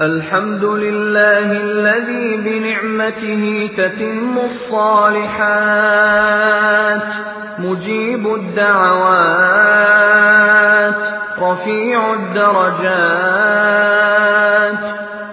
الحمد لله الذي بنعمته تتم الصالحات مجيب الدعوات رفيع الدرجات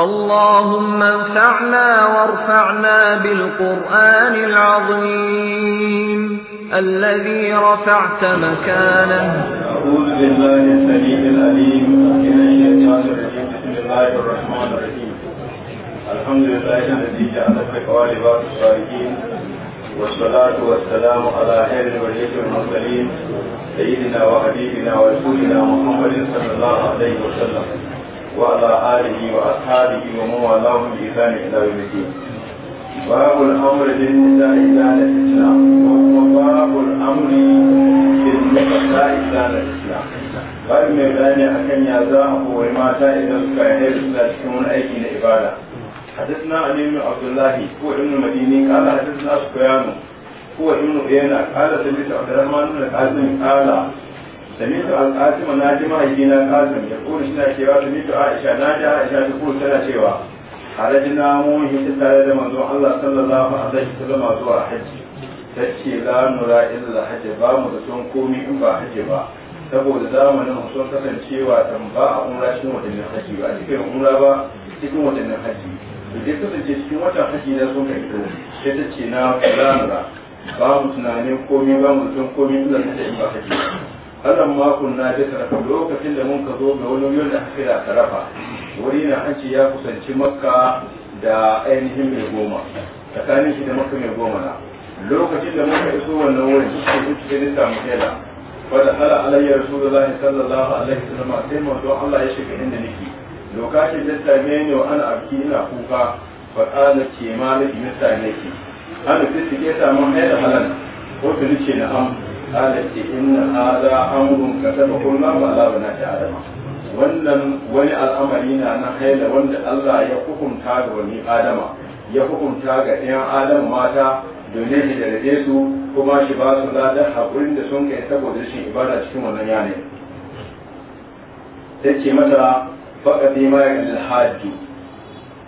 اللهم انفعنا وارفعنا بالقرآن العظيم الذي رفعت مكانه أعوذ بالله السميع العليم من الشيطان الرجيم بسم الله الرحمن الرحيم الحمد لله الذي جعل التقوى لباس الصالحين والصلاة والسلام على خير الوليد المرسلين سيدنا وحبيبنا ورسولنا محمد صلى الله عليه وسلم وعلى آله وأصحابه ومن والاه بإحسان إلى يوم الدين باب الأمر بالنساء إلى الإسلام وباب الأمر بالنساء إلى الإسلام قال mai bayani akan ya za a kowai mata idan suka yi حدثنا علي بن عبد الله هو ابن المديني قال حدثنا سفيان هو ابن عيينة قال سمعت عبد الرحمن بن القاسم قال سمعت القاسم الناجم ما القاسم يقول شنا شيوا سمعت عائشة ناجا عائشة تقول شنا شيوا خرجنا موهي تتالى لمنزوع الله صلى الله عليه وسلم زوا حج تشي لا نرى إلا حج با مدسون كومي إن با حج با saboda zamanin sun kasancewa tamba a umra cikin watannin haji ba a cikin umra ba cikin watannin haji da duk kasance cikin wata haji na sun kai to sai ta ce na kula ba mu tunanin komai ba mu tun komai illa ta yi ba haji Allah ma kunna da tarafa lokacin da mun ka zo da wani yau da aka kira tarafa wuri na an ce ya kusanci makka da ainihin mai goma tsakanin shi da makka mai goma na lokacin da muka iso wannan wurin shi ke duk da samu kela fa da hala alayya rasulullahi sallallahu alaihi wasallam sai mu zo Allah ya shiga inda nake lokacin da same ni wa ana abki ina kuka fa kana ce malaki na same ki ana fiske ta mun haida halan ko ta ce na am kala inna hada amrun kasaba kullu ma ala wannan wani al'amari na na haila wanda Allah ya hukunta ga wani adama ya hukunta ga ɗayan adama mata domin shi da su kuma shi ba su ladan haƙurin da sun kai saboda shi ibada cikin wannan yanayi ta ce mata faƙaɗi ma ya hajji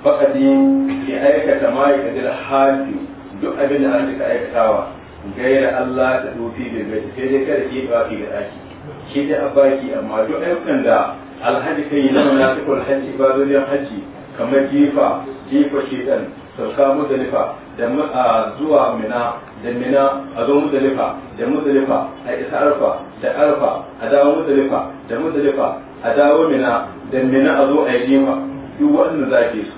faƙaɗi ya aikata ma ya hajji duk abin da an ka aikatawa gaira Allah ta dofi da gaji sai dai kada ke baki ga daki shi dai baki amma duk ayyukan da alhaji kai na munafiqul hajji ibadodin hajji kamar jifa jifa shedan sauka mudalifa da zuwa mina da mina a zo mudalifa da mudalifa a isa arfa da arfa a dawo mudalifa da mudalifa a dawo mina da mina a zo a yi jifa duk waɗanda zaki su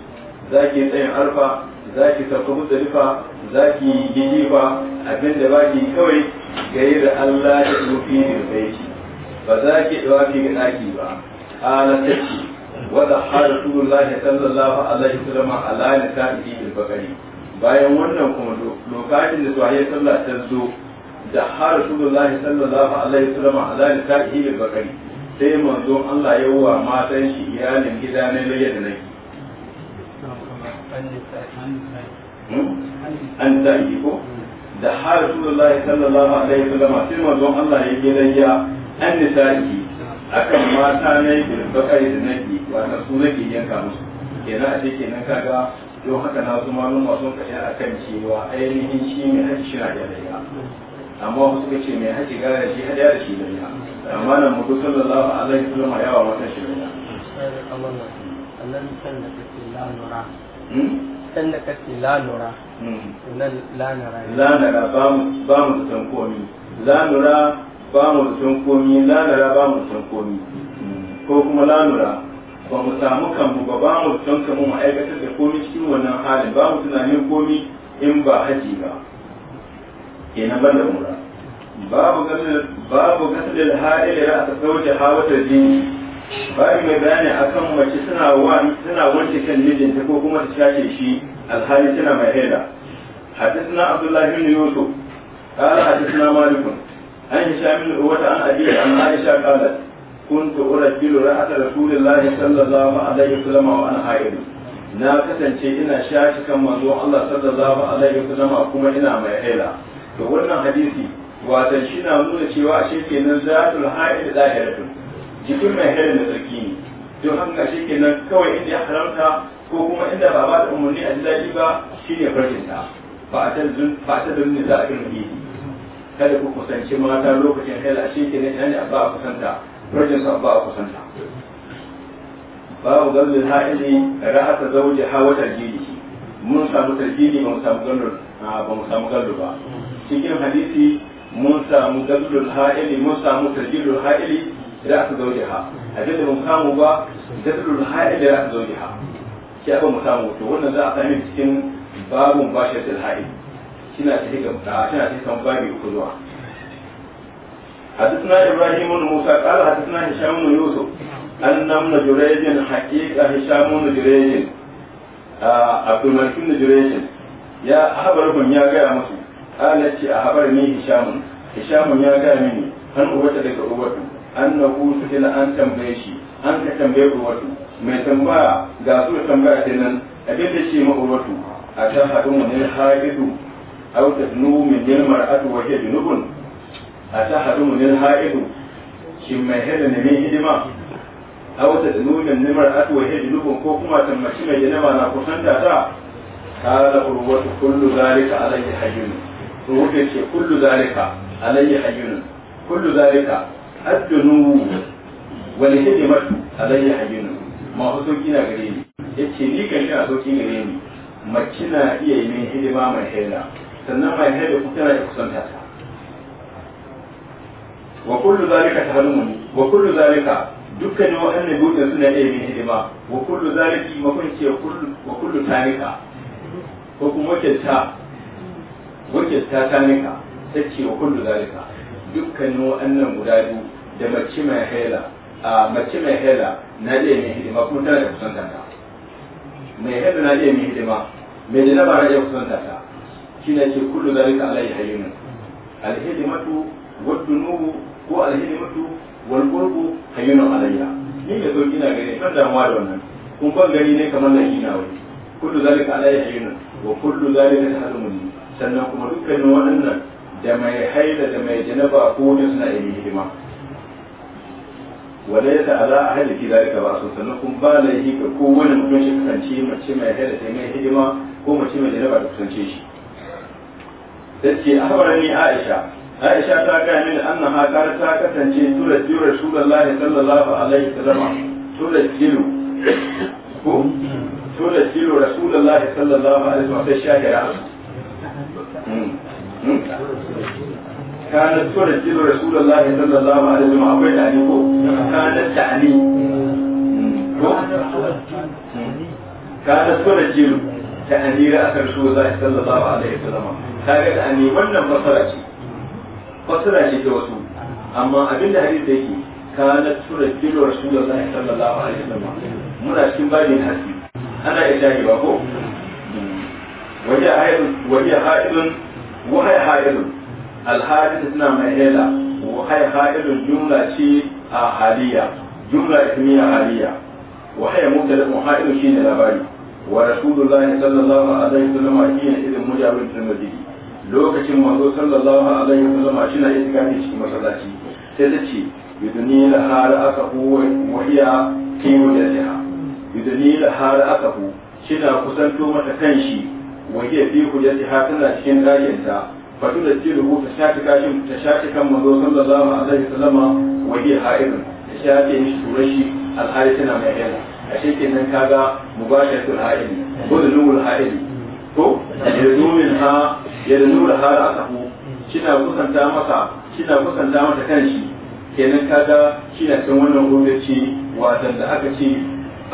zaki tsayin arfa zaki sauka mudalifa za ki yi gijifa abin da ba ki kawai yi da Allah ya rufi da baiti ba za ki dawa ki ga daki ba ala tace wa da rasulullah sallallahu alaihi wasallam ala nikahi da bakari bayan wannan kuma lokacin da suwaye sallah ta zo da har rasulullah sallallahu alaihi wasallam ala nikahi da bakari sai zo Allah ya wa matan shi iyalin gida ne da yadda nake an ta yi ko da har sallallahu alaihi wasallam sai don Allah ya yi rayya an yi akan mata ne da bilbakari da nake wata su nake yanka musu kenan a cikin nan kaga don haka na su maluma sun kashe akan cewa ainihin shi mai haji shi na da rayya amma wasu suka ce mai haji gara da shi hadiya da shi da rayya amma nan mutu sallallahu alaihi wasallam wa mata shi rayya Allah Allah nan Allah Allah Allah Allah san da kace la nura hmm. nan la nura la nura ba mu ba san komi la nura ba mu san komi la nura ba mu san komi hmm. ko kuma la nura ba mu samu kanmu ba ba mu san kanmu mu aikatar da komi cikin wannan halin ba mu tunanin komi in ba haji ba kenan ban da mura babu gasar babu gasar da ha'ila ra'asa sauke hawatar jini bayan mai bayani akan mace suna wanke kan mijinta ko kuma ta shace shi alhali tana mai haida حدثنا عبد الله بن يوسف قال حدثنا مالك عن هشام بن عروة عن أبي عن عائشة قالت كنت أرجل رأس رسول الله صلى الله عليه وسلم وأنا حائض na kasance ina shashi kan manzo Allah sallallahu alaihi wasallam kuma ina mai haida. Da wannan hadisi wata shi na nuna cewa ashe kenan zatul jikin mai harin da tsarki ne don haka shi kenan kawai inda ya haramta ko kuma inda ba ba da umarni a daji ba shi ne farkinta ba a ta zurni za a irin kada ku kusanci mata lokacin a shi kenan ina ne a ba a kusanta farkin su a ba a kusanta babu gazin ha'ili ra'ata zauji hawa tarjihi mun samu tarjini ba mu samu gandun ba mu samu gandun ba cikin hadisi mun samu gazlul ha'ili mun samu tarjini ha'ili da aka zauje ha abin da mun samu ba da dukkan ha'il da aka zauje ha shi aka mu samu to wannan za a sami cikin babun bashatul ha'il kina ta higa ta tana ta kan babi uku zuwa حدثنا ابراهيم بن موسى قال حدثنا هشام بن يوسف أن ابن جريج حقيقة هشام بن جريج عبد الملك بن جريج يا أخبرهم يا جاء مسلم قال لك أخبرني هشام هشام يا جاء مني هن أبت لك أبته annahu su'ila an tambaye shi an ka tambaye urwatu mai tambaya ga su tambaya ta nan abin da ce ma urwatu a ta haɗu ne haidu aw tadnu min jil mar'atu wa hiya junubun a ta haɗu ne haidu shin mai hada ne min hidima aw tadnu min mar'atu wa hiya junubun ko kuma tammaci mai jinaba na kusanta ta kala urwatu kullu zalika alayhi hayyun urwatu ce kullu zalika alayhi hayyun kullu zalika الذنوب والهجمة علي حجين ما هو سوكينا غريني yace ni kan sha sauki gare ni mace na iya yi min hidima mai haila sannan mai haila ku tana da kusanta ta wa kullu zalika dukkanin suna iya yin hidima wa kullu zaliki makon ce wa kullu tanika ko kuma wakilta wakilta tanika ta ce wa kullu zalika dukkanin waɗannan guda biyu da mace mai haila a mace mai haila na je mai hidima kuma tana da kusanta ta mai haila na je mai hidima mai da na ba na je kusanta ta shi ne ce kullu zalika alai hayyun alhidimatu waddunubu ko alhidimatu wal qurbu hayyun alayya ni da sauki na gani ban damuwa da wannan kun ban gani ne kamar lahi na wani kullu zalika alai hayyun wa kullu zalika tahzumuni sannan kuma dukkanin waɗannan da mai haila da mai janaba ko da suna yin hidima wala yadda ala ahli ki zalika ba su sannan kun ba laihi ga kowane mutum shi kasance mace mai haida ta mai hidima ko mace mai jaraba da kusance shi tace ahbarani aisha aisha ta ga min annaha qala ta kasance tura jira rasulullahi sallallahu alaihi wasallam tura jilu ko tura jilu rasulullahi sallallahu alaihi wasallam shahira hmm. Hmm. da ترجل رسول الله صلى الله عليه وسلم da يعني كانت da كانت ترجل تعني رأس رسول الله صلى الله عليه wannan كانت ce. ولم ce ta wasu. amma abin da hadisi yake kana tura kilo rasulullahi sallallahu alaihi wasallam muna cikin babin hadisi ana iya ba ko wajen haidun haidun haidun alhadith suna mai hela wa hay ha'ilun jumla ce a haliya jumla ismiya haliya wa hay mubtada shi ne labari wa rasulullahi sallallahu alaihi wasallam shine irin mujabin tirmidhi lokacin manzo sallallahu alaihi wasallam shine itikafi cikin masallaci sai ta ce yudni la hara akahu wa hiya kimu yasiha yudni la hara akahu shina kusanto mata kanshi wa hiya fi hujjati hatana cikin dalilta fatu da ce rubu ta shafi kashin ta shafi kan manzo sallallahu alaihi wasallama waje hiya ha'irun ta shafi mishi turashi alhali tana mai yana a shekin nan kaga mubasharatul ha'ili ko da lumul ha'ili ko yadnumin ha yadnul ha ra'sahu kina kusanta masa kina kusanta mata kanshi kenan kaga kina cikin wannan gwamnati watan da aka ce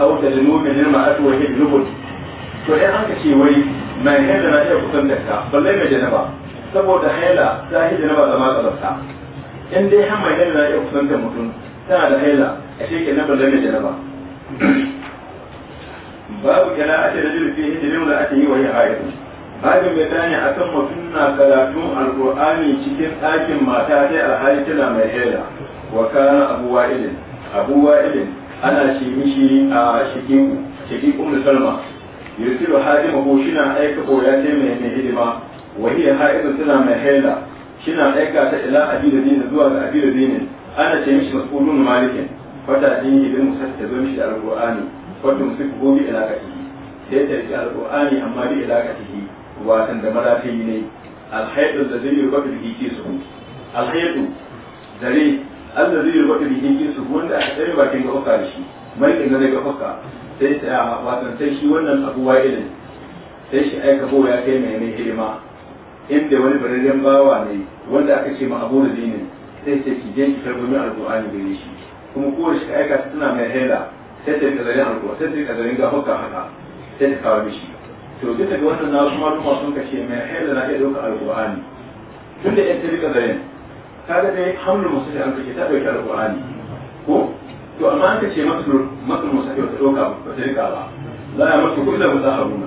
auta da mu'minin ma'atu wa hidu to in aka ce wai mai yadda da iya kusanta ka balle mai janaba saboda haila ta hiji na ba zama tsabarta in dai har mai nan na iya kusantar mutum tana da haila a shekin na bazan mai ba. babu kana a ce da jirfi ne da ake yi wa yin haihu babin mai tani a kan mutum na karatun alkur'ani cikin ɗakin mata sai alhali tana mai haila wa kana abuwa ilin Abuwa ilin ana shi mishi a shikin shikin umar salma yusiru hadimahu shi na aika koya ce mai hidima wahiyar ha'idu tana mai haila shina aika ta ila abi da zuwa ga abi da dinin ana ce mishi mas'ulun malikin fata jin yi bin musar ta zo mishi da alƙur'ani wata musu ko bi ila ka tihi amma bi ila ka tihi watan da madafi ne alhaidu da zai yurba da hiki su alhaidu zare Allah zai yurba da hiki su wanda a tsare bakin ga fuka da shi mai kin zai ga fuka sai ta watan sai wannan abu wa'ilin sai shi aika ko ya kai mai mai hidima inda wani bararren bawa ne wanda aka ce ma abu da dinin sai ce ki je ki karbo min alqur'ani gare shi kuma kowace shi aika tana mai hela sai ta rika zarin alƙur'ani sai ta rika zarin ga hukka haka sai ta kawo mishi to duka ga wannan na kuma kuma sun kace mai hela na iya dauka alƙur'ani tun da ta rika zarin ga dai hamlul musafi an kace ta dauki alƙur'ani ko to amma an kace masu masu musafi ta dauka ba ta rika ba la ya mutu kullu musahabuna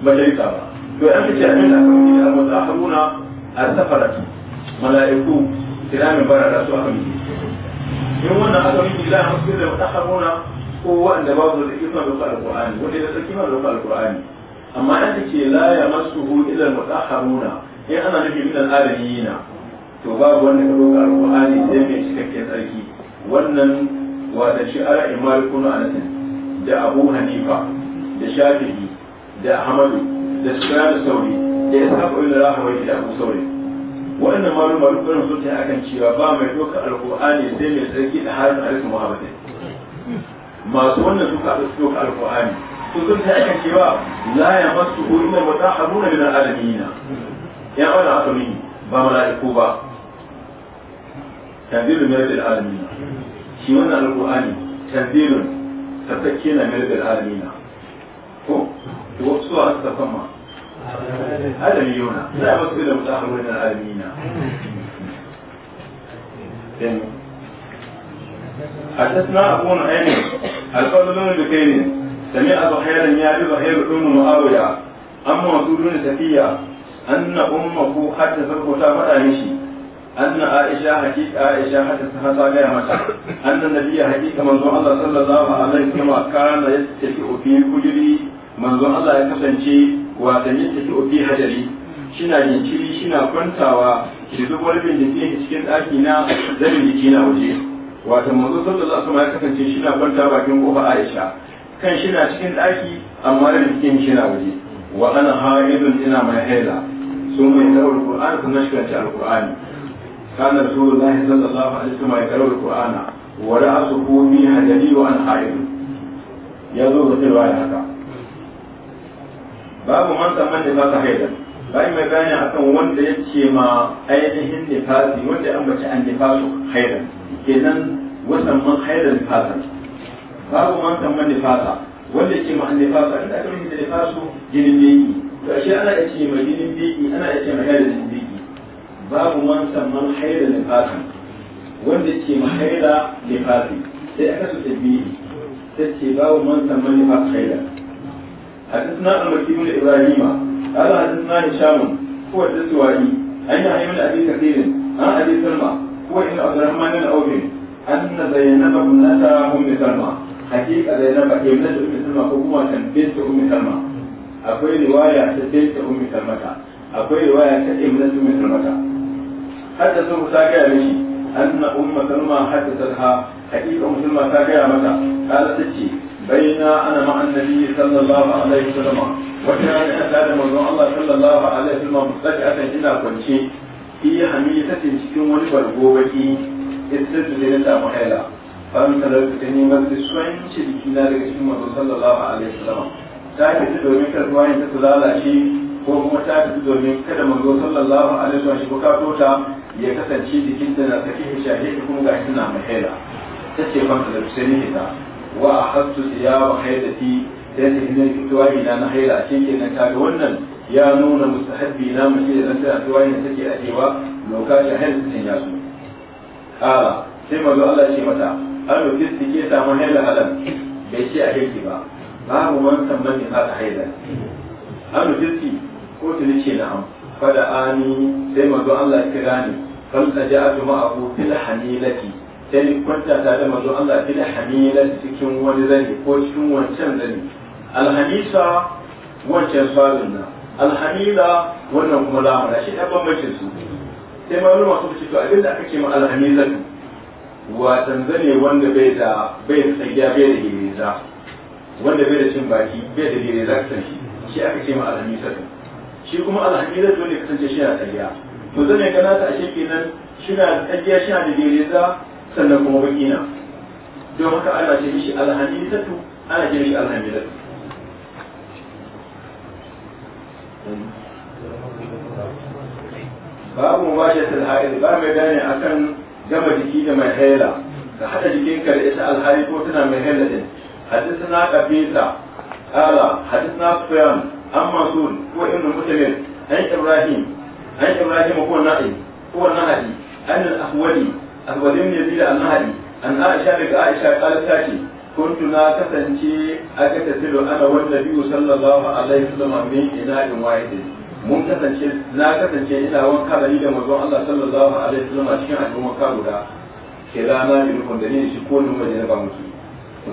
ba ta rika ba to ya ce abin da aka yi da wata haruna al-safaratu mala'iku kiramin barara su aka yi in wannan aka yi da hankali da wata haruna ko wanda ba su da ikon da alqur'ani wanda da sarki ma da alqur'ani amma an ce la ya masuhu illa al-mutahharuna in ana nufi min al-alamiyina to babu wanda ka roƙa alqur'ani sai mai cikakken tsarki wannan wata shi shi'ara imar kuna anasin da abu hanifa da shafi'i da ahmadu da sufyan sauri da ya saba ila rahawai da abu sauri wannan malum malum kan sun ta akan cewa ba mai doka alqur'ani sai mai tsarki da harin alaihi muhammad masu wannan suka da doka alqur'ani su sun ta akan cewa la yamassuhu illa mutahharuna min na. ya ana asali ba mala'iku ba tanzilun min alamin shi wannan alqur'ani tanzilun tafakkina min na. ko to wasu aka ma. adamiyona za a wasu da mutu akwai wajen adamiyona a tasna a kuma ainihin da kai ne sami a zuhairin ya yi zuhairu ɗin mu aboya an ma wasu ruwan tafiya an na umma ko hatta sarkota faɗa mishi أن عائشة حقيقة عائشة حتى سهل صالح مشا أن النبي حقيقة من ذو الله صلى الله عليه وسلم كان يتكئ في حجري من ذو الله يتكئ watan da ta ofi hajari shina jinkiri shina kwantawa shi duk wani bincike cikin ɗaki na zarin jiki na waje watan manzo sallallahu alaihi wasallam ya kasance shina kwanta bakin kofa Aisha kan shi na cikin ɗaki amma da jikin na waje wa ana haidun ina mai haila sun mai daura Qur'an sun nashkanta al-Qur'ani kana rasulullahi sallallahu alaihi wasallam ya daura Qur'ana wa ku bi hajari wa an haidun yazo da cewa haka babu man tsamman da fasa haida bai mai a kan wanda ya ce ma ainihin nifasi wanda ya ambaci an nifasu haida nan wasan man haida nifasa babu man tsamman nifasa wanda ya ce ma an nifasa inda aka nufi da nifasu jinin biki to shi ana ya ce ma jinin biki ana ya ce ma haida jinin biki babu man tsamman haida nifasa wanda ya ce ma haida nifasi sai aka su tabbiri sai ce babu man tsamman nifasa haida حدثنا المكي بن ابراهيم قال حدثنا هشام هو الدستوائي عن يحيى بن ابي كثير عن ابي سلمى هو ابن عبد الرحمن الاوف ان زينب ابنه ام سلمى حقيقه زينب ابنه ام سلمى هو كان بنت ام سلمى akwai riwaya ta bint ummi salmata akwai riwaya ta ibnu ummi salmata hadda sun ta gaya mishi anna umma salma haddatha ha haqiqa musulma ta gaya mata kala tace بينا انا مع النبي صلى الله عليه وسلم وكان هذا موضوع الله صلى الله عليه وسلم مستجعة الى كنشي في حميلة تكون ولبر بوبكي استدل لله محيلا فمن تلوك تنيمة السوين شديكي ذلك شمه صلى الله عليه وسلم ta fita domin karbuwa ta su lalace ko kuma ta fita domin kada manzo sallallahu alaihi wasallam shi bukato ta ya kasance jikin da na sake shahe kuma ga shi na mahela tace fa da sai ne ta wa akhadtu thiyaba haydati dan idan tuwayi na na haila shi kenan kaga wannan ya nuna mustahabbi na mace da ta tuwayi da take ajewa lokacin haila ta ya su kala sai manzo Allah ya ce mata an rufi take ta mun haila halan bai ce a haiti ba babu man tamman ne ta haila an rufi ko ta ce fa fada ani sai manzo Allah ya kira ni fal taja'atu abu fil hanilati sai kwanta ta da manzo Allah fil hamila cikin wani zani ko cikin wancan zani alhamisa wancan sabin nan alhamila wannan kuma lamura shi ɗan bambancin su sai ma wani masu to abinda aka ce ma alhamila watan zane wanda bai da bai da tsagiya bai da hireza wanda bai da cin baki bai da hireza ka shi shi aka ce ma alhamisa shi kuma alhamila wanda kasance shi na tsagiya to zane kana ta ashe kenan shi na tsagiya shi na da hireza sannan kuma baki na don haka ana ce mishi alhamidatu ana ce mishi alhamidatu babu mubashatul haid ba mai gane akan gama jiki da mai haila ka hada jikinka da ita alhali ko tana mai haila din حدثنا قبيصة قال حدثنا سفيان عن منصور هو ابن مسلم عن ابراهيم عن ابراهيم هو النائب هو النهدي عن الاحولي أخبرني يزيد daga Aisha أن عائشة لك na kasance تاتي كنت لا ana wanda biyu والنبي صلى الله عليه وسلم ina إناء واحد mun kasance na kasance ina wanka da ni da manzon Allah sallallahu alaihi wasallam cikin al'umma wanka guda ke na min kun da ni shi ko nun majina ba mutu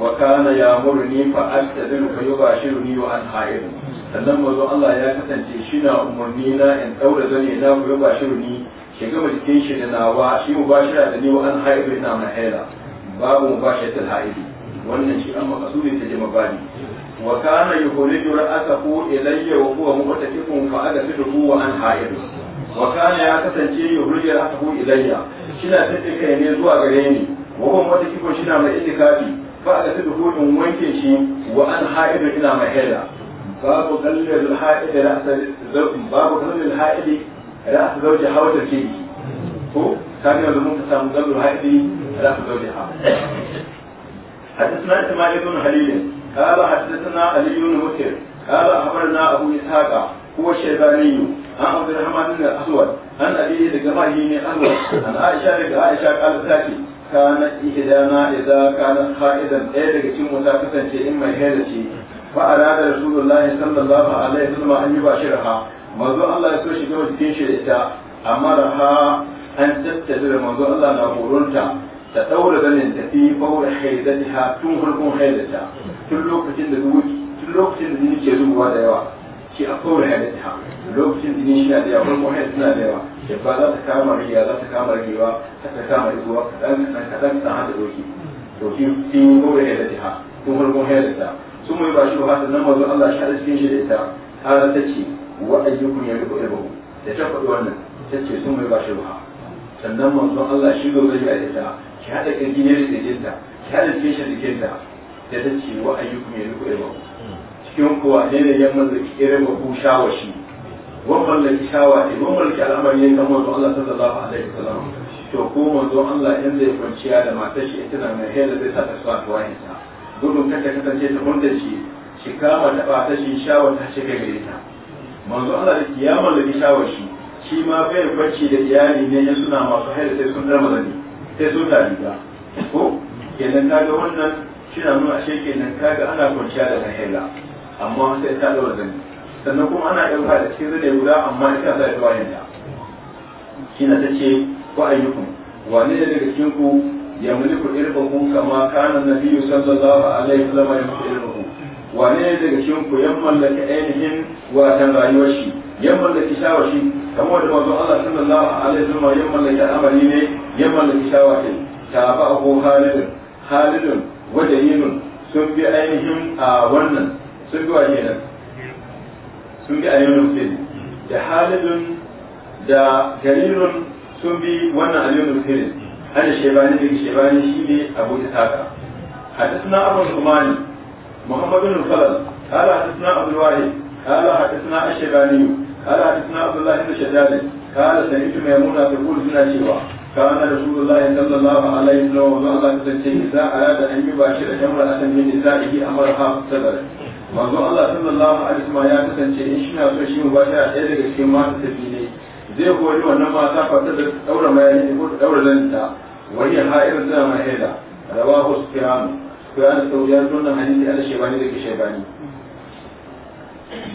wa kana ya murni fa astadilu fa ni wa an haid sannan manzon Allah ya kasance shi na umurni na in daura zane ina ku ni ki gama jikin shi da nawa shi mu bashi da ne wa an haibu ina mai haila babu mu bashi da haibi wannan shi an makasudi ta jima bani wa kana yuhlidu ra'asahu ilayya wa huwa mu'takifun fa ada fidu wa an haibu wa kana ya kasance yuhlidu ra'asahu ilayya shina tafi kai ne zuwa gare ni wa huwa mu'takifun shina mai itikafi fa ada fidu in wanke shi wa an haibu ina mai haila babu kallil ha'id ra'sa babu kallil ha'id idan aka zauce hawa ce ki ko ka ne da mutum samu gabar haɗi idan aka zauce hawa hadisuna isma'il bin halilin qala hadisuna ali bin mutir qala akhbarna abu ishaqa huwa shaybani an abu rahman bin aswad an abi da gabahi ne aswad an aisha da aisha qala taki kana ihdana idza kana khaidan ay daga cikin mutum kasance in mai halaci fa arada rasulullahi sallallahu alaihi wasallam an yubashirha mazu Allah ya so shiga jikin shi ita amma da ha an tattabi da manzo Allah na horonta ta daura ganin ta tafi bawar haidatiha tun farkon haidata tun lokacin da tun lokacin da jini ke zubowa da yawa shi a bawar haidatiha lokacin jini shi na da yawa farkon haidata da yawa ba za ta kama riya za ta kama riwa za ta kama riwa kaɗan kaɗan kaɗan ta hada doki doki sun yi bawar haidatiha tun farkon haidata sun mai ba shi wa hata nan mazu Allah shi a cikin shi da ita har ta ce wa ayyukum ya riko yabo da ta faɗi wannan ta ce sun mai bashi ruha sannan manzon Allah shi zo zai yi ta ki hada kirji ne da jinta ki hada kishin da jinta da ta ce wa ayyukum ya riko yabo cikin kuwa ne ne ki da ba ku shawashi wannan da shawa ne wannan da al'amari ne kamar manzon Allah sallallahu alaihi wasallam to ko manzon Allah in zai kwanciya da matar shi tana na mai hela zai sa ta suwa ta wani gudun kanta kasance ta wanda shi shi kama ta ba ta shi shawa ta ce kai gare ta manzo Allah da kiyama da nishawar shi shi ma bai bacci da iyali ne ya suna masu haida sai sun da zani sai sun tari ba ko kenan kaga wannan shi na nuna ashe kenan kaga ana kwanciya da haila amma sai ta da zani sannan kuma ana ɗauka da cikin zane guda amma ita za ta wayan ta shi na ta ce ko ayyukum wani ne daga cikin ku ya mulku irbakum kama kana nabiyyu sallallahu alaihi wasallam ya mulku wane ne daga cikin ku yan mallaki ainihin watan rayuwar shi yan mallaki shawashi shi kamar wanda manzon Allah sallallahu alaihi wasallam yan mallaki amali ne yan mallaki shawashi shi ta ba ko halidun halidun wajayinun sun bi ainihin a wannan sun bi waje nan sun bi ainihin fil da halidun da garirun sun bi wannan ayyunun fil ana shebani da shebani shi ne, abu ta saka hadisna abu kumani محمد بن الخلل قال حدثنا عبد الواحد قال حدثنا الشيباني قال حدثنا عبد الله بن شداد قال سمعت ميمونة تقول سنة شيوا كان رسول الله صلى الله عليه وسلم وزعل كتنشي إذا أراد أن يباشر امرأة من نسائه أمرها بالصبر manzo Allah sallallahu alaihi wasallam ya kasance in shi na so shi mubashara ɗaya daga cikin mata tafi ne zai goyi wannan mata fata da daura mayani ko daura lanta wani ha'irin tana mahaila rawahu sufyan ko an tsawo ya zo na hannun ala shebani da ke shebani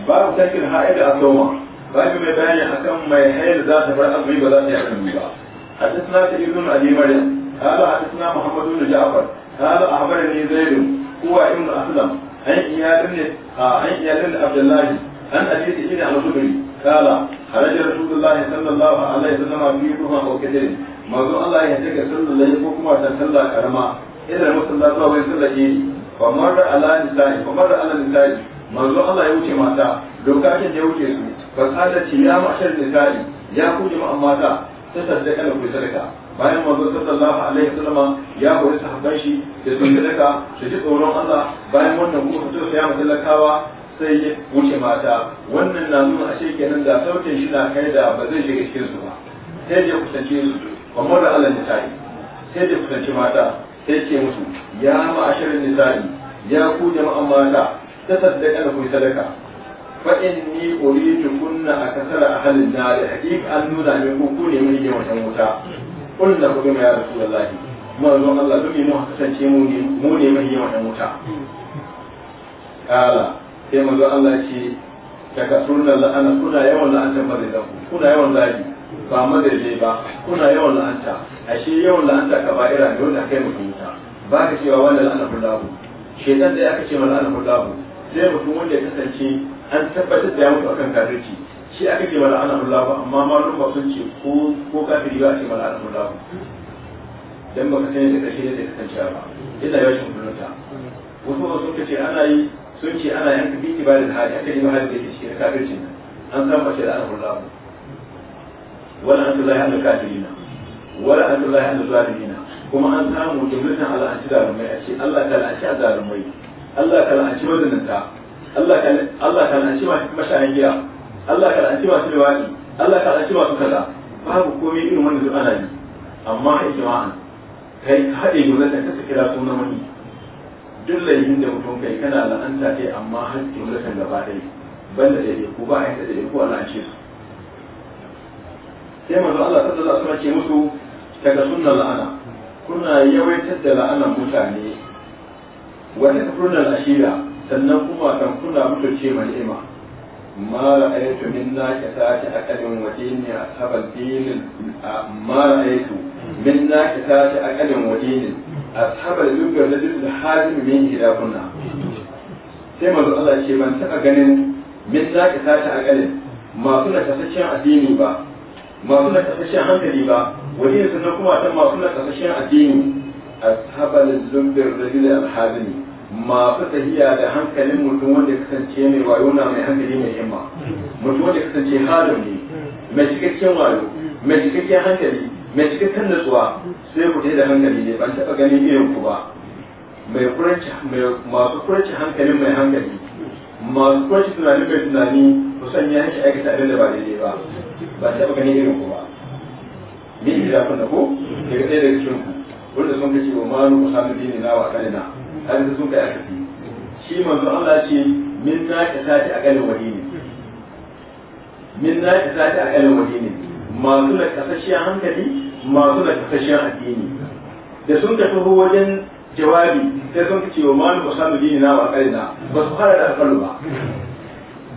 ba ta kin ha'i da asoma ba ki mai bayani akan mai hayar za ta bar azumi ba za ta yi azumi ba hadisna ta ibnu ali mariyam hada hadisna muhammadu bin ja'far hada ahbarani zaidu huwa ibnu aslam an iyalin an iyalin da abdullahi an hadisi shi ne al-zubri kala kharaja rasulullahi sallallahu alaihi wasallam fi duha wa kadir mazo Allah ya tsaka sallallahi ko kuma ta sallah karama masu musalla wani sun lafi idi fa marra ala nisa'i fa marra ala nisa'i manzo Allah ya wuce mata lokacin da ya wuce su fa sada ci ya mashar nisa'i ya ku jama'an mata ta sadaka da ku sadaka bayan manzo sallallahu alaihi wasallam ya hori sahabban shi da sun sadaka su ji tsoron Allah bayan wannan ku fito sai ya lakawa sai ya wuce mata wannan na nuna ashe kenan da sautin shi na kai da ba zai shiga cikin su ba sai ya kusance su kamar da Allah nisa'i sai ya kusance mata sai ce musu ya ma'asharin nisa'i ya ku jama'an mata ta saddaka da ku sadaka fa inni uridu kunna akasara ahlin nar hakika an nuna ne ku ku ne mun yi wata wuta kunna ku ga ya rasulullah manzon Allah duk mu kasance mu ne mu ne mun yi wata wuta kala sai zo Allah ce daga sunna la'ana kuna yawan la'anta ba da ku kuna yawan zaji ba madade ba kuna yawan la'anta ashe yawan la'anta ka ba'ira ne wanda kai mutum ta ba ka cewa wanda la'ana kullahu shedan da aka ce ma la'ana kullahu sai mutum wanda ya kasance an tabbatar da ya mutu akan kafirci shi aka ce ma la'ana kullahu amma malum ba sun ce ko ko kafiri ba a ce ma la'ana kullahu dan ba ka sani da kashe da kasance ba illa yau shi kullunta wasu ba sun ce ana yi sun ce ana yanka biki ba da hali aka yi ba hali da ke cikin kafircin an san mace la'ana kullahu wala an tullahi an kafirina Wani an lillahi an zalimin kuma an samu jumlatan Allah an ci zalumai a ce Allah ka la'anci zalumai Allah ka la'anci mazinanta Allah ka Allah ka la'anci mashayan giya Allah ka la'anci masu liwaki Allah ka la'anci masu kaza babu komai irin wani duk ana yi amma kai jama'an kai haɗe jumlatan ka kira sunan wani duk laifin da mutum kai kana la'anta kai amma har jumlatan gaba ɗaya banda da ko ba a yi da ko Allah an su sai manzo Allah sallallahu alaihi wasallam ce musu daga sunnar la'ana kuna yawaitar da la'anan mutane wa takfurna ashira sannan kuma kan kuna mutunce mai ima ma ra'aytu minna kasati aqadun wa dini ashabal din ma ra'aytu minna kasati aqadun wa dini ashabal lugar da duk hadim min ila kunna sai manzo Allah ce ban taka ganin min zaka ka tashi aqalin masu nakasaccen addini ba masu na kasashen hankali ba wani ne na kuma ta masu na kasashen addini ashabal zumbir rajul alhadini masu tahiya da hankalin mutum wanda kasance mai wayo na mai hankali mai himma mutum wanda kasance halin ne mai cikakken wayo mai cikakken hankali mai cikakken nutsuwa sai ku da hankali ne ban taɓa ganin irin ku ba mai masu kurci hankalin mai hankali masu kurci tunani mai tunani ku sanya shi aikata abin da ba daidai ba ba ta gani irin ku ba ni da kun da ko daga ɗaya daga cikin ku wanda sun kace wa malu usamu dini na wa kalina har da sun kai aka fi shi manzo Allah ce min na ka sati a kalin wadini min na ka sati a kalin wadini masu na kasashiyar hankali masu na kasashiyar addini da sun ka taho wajen jawabi sai sun kace wa malu usamu dini na wa kalina ba su fara da alƙalu ba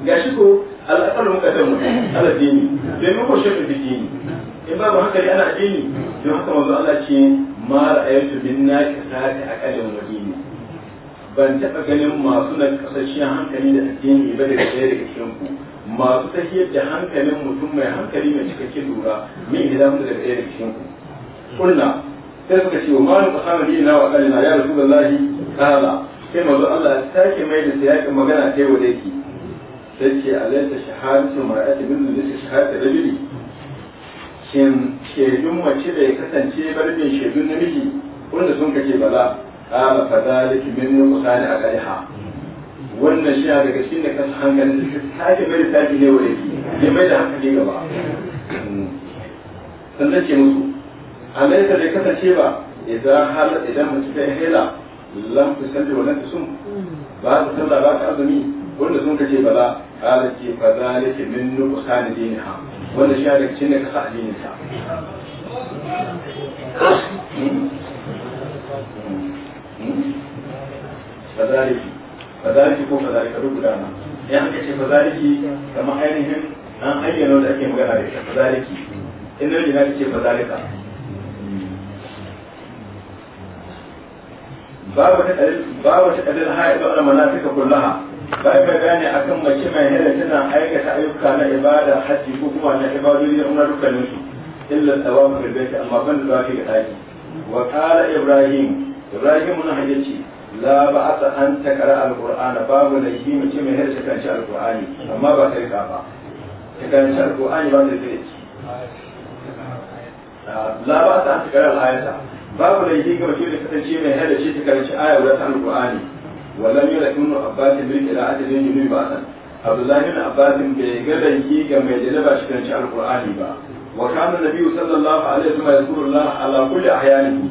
gashi ko alƙasar mukaddamu ala dini domin ko shafi bi dini in babu hankali ana dini, don haka manzo Allah ce ma ra'aytu bin naqisati aqalin wa dini ban taba ganin masu naƙasasshiyar hankali da addini ba da ɗaya daga cikin ku masu tafiyar da hankalin mutum mai hankali mai cikakken lura min da daga ɗaya daga cikin ku kunna sai suka ce wa ma na kusama ni wa kalina ya rasulullahi kala sai manzo Allah ya sake mai da siyakin magana ta yau wa yake sai ce alaita shahadatu mar'ati min lisi shahadatu rajuli shin shaidun mace da ya kasance barbin shaidun namiji wanda sun kace bala kama fadalika min nuqsani aqaliha wannan shi a daga cikin da kan hankalin da ta ke mai tafi ne wa yake ya mai da hankali gaba sannan ce musu alaita da kasance ba idan har idan mace ta hela lam tusalli wa lam tusum ba ta sallah ba ta azumi wanda sun kace bala قال تي فذلك من نقصان دينها ولا شارك دينها فذلك فذلك ko فذلك duk ya فذلك ainihin an ayyana wanda ake magana da فذلك in nan ce فذلك ne a kan mace mai hira tana aikata ayyuka na ibada haji ko kuma na ibadodi na dukkanin su illa tsawamu da bai amma ban da zafi yi taki wa qala ibrahim ibrahim mun hajjaci la ba'asa an takara alqur'ana babu laifi mace mai hira ta kanci alkur'ani amma ba ta yi ba ta kanci alkur'ani ba sai ta la ba'asa an takara alayata babu laifi ga mace da kasance mai hira ce ta kanci ayatul alkur'ani. ولم يرى ابن عباس بالقراءة لم يمن بأسا عبد الله بن عباس بيغلنكي كما يجلب شكرا شعر القرآن با وكان النبي صلى الله عليه وسلم يذكر الله على كل أحيانه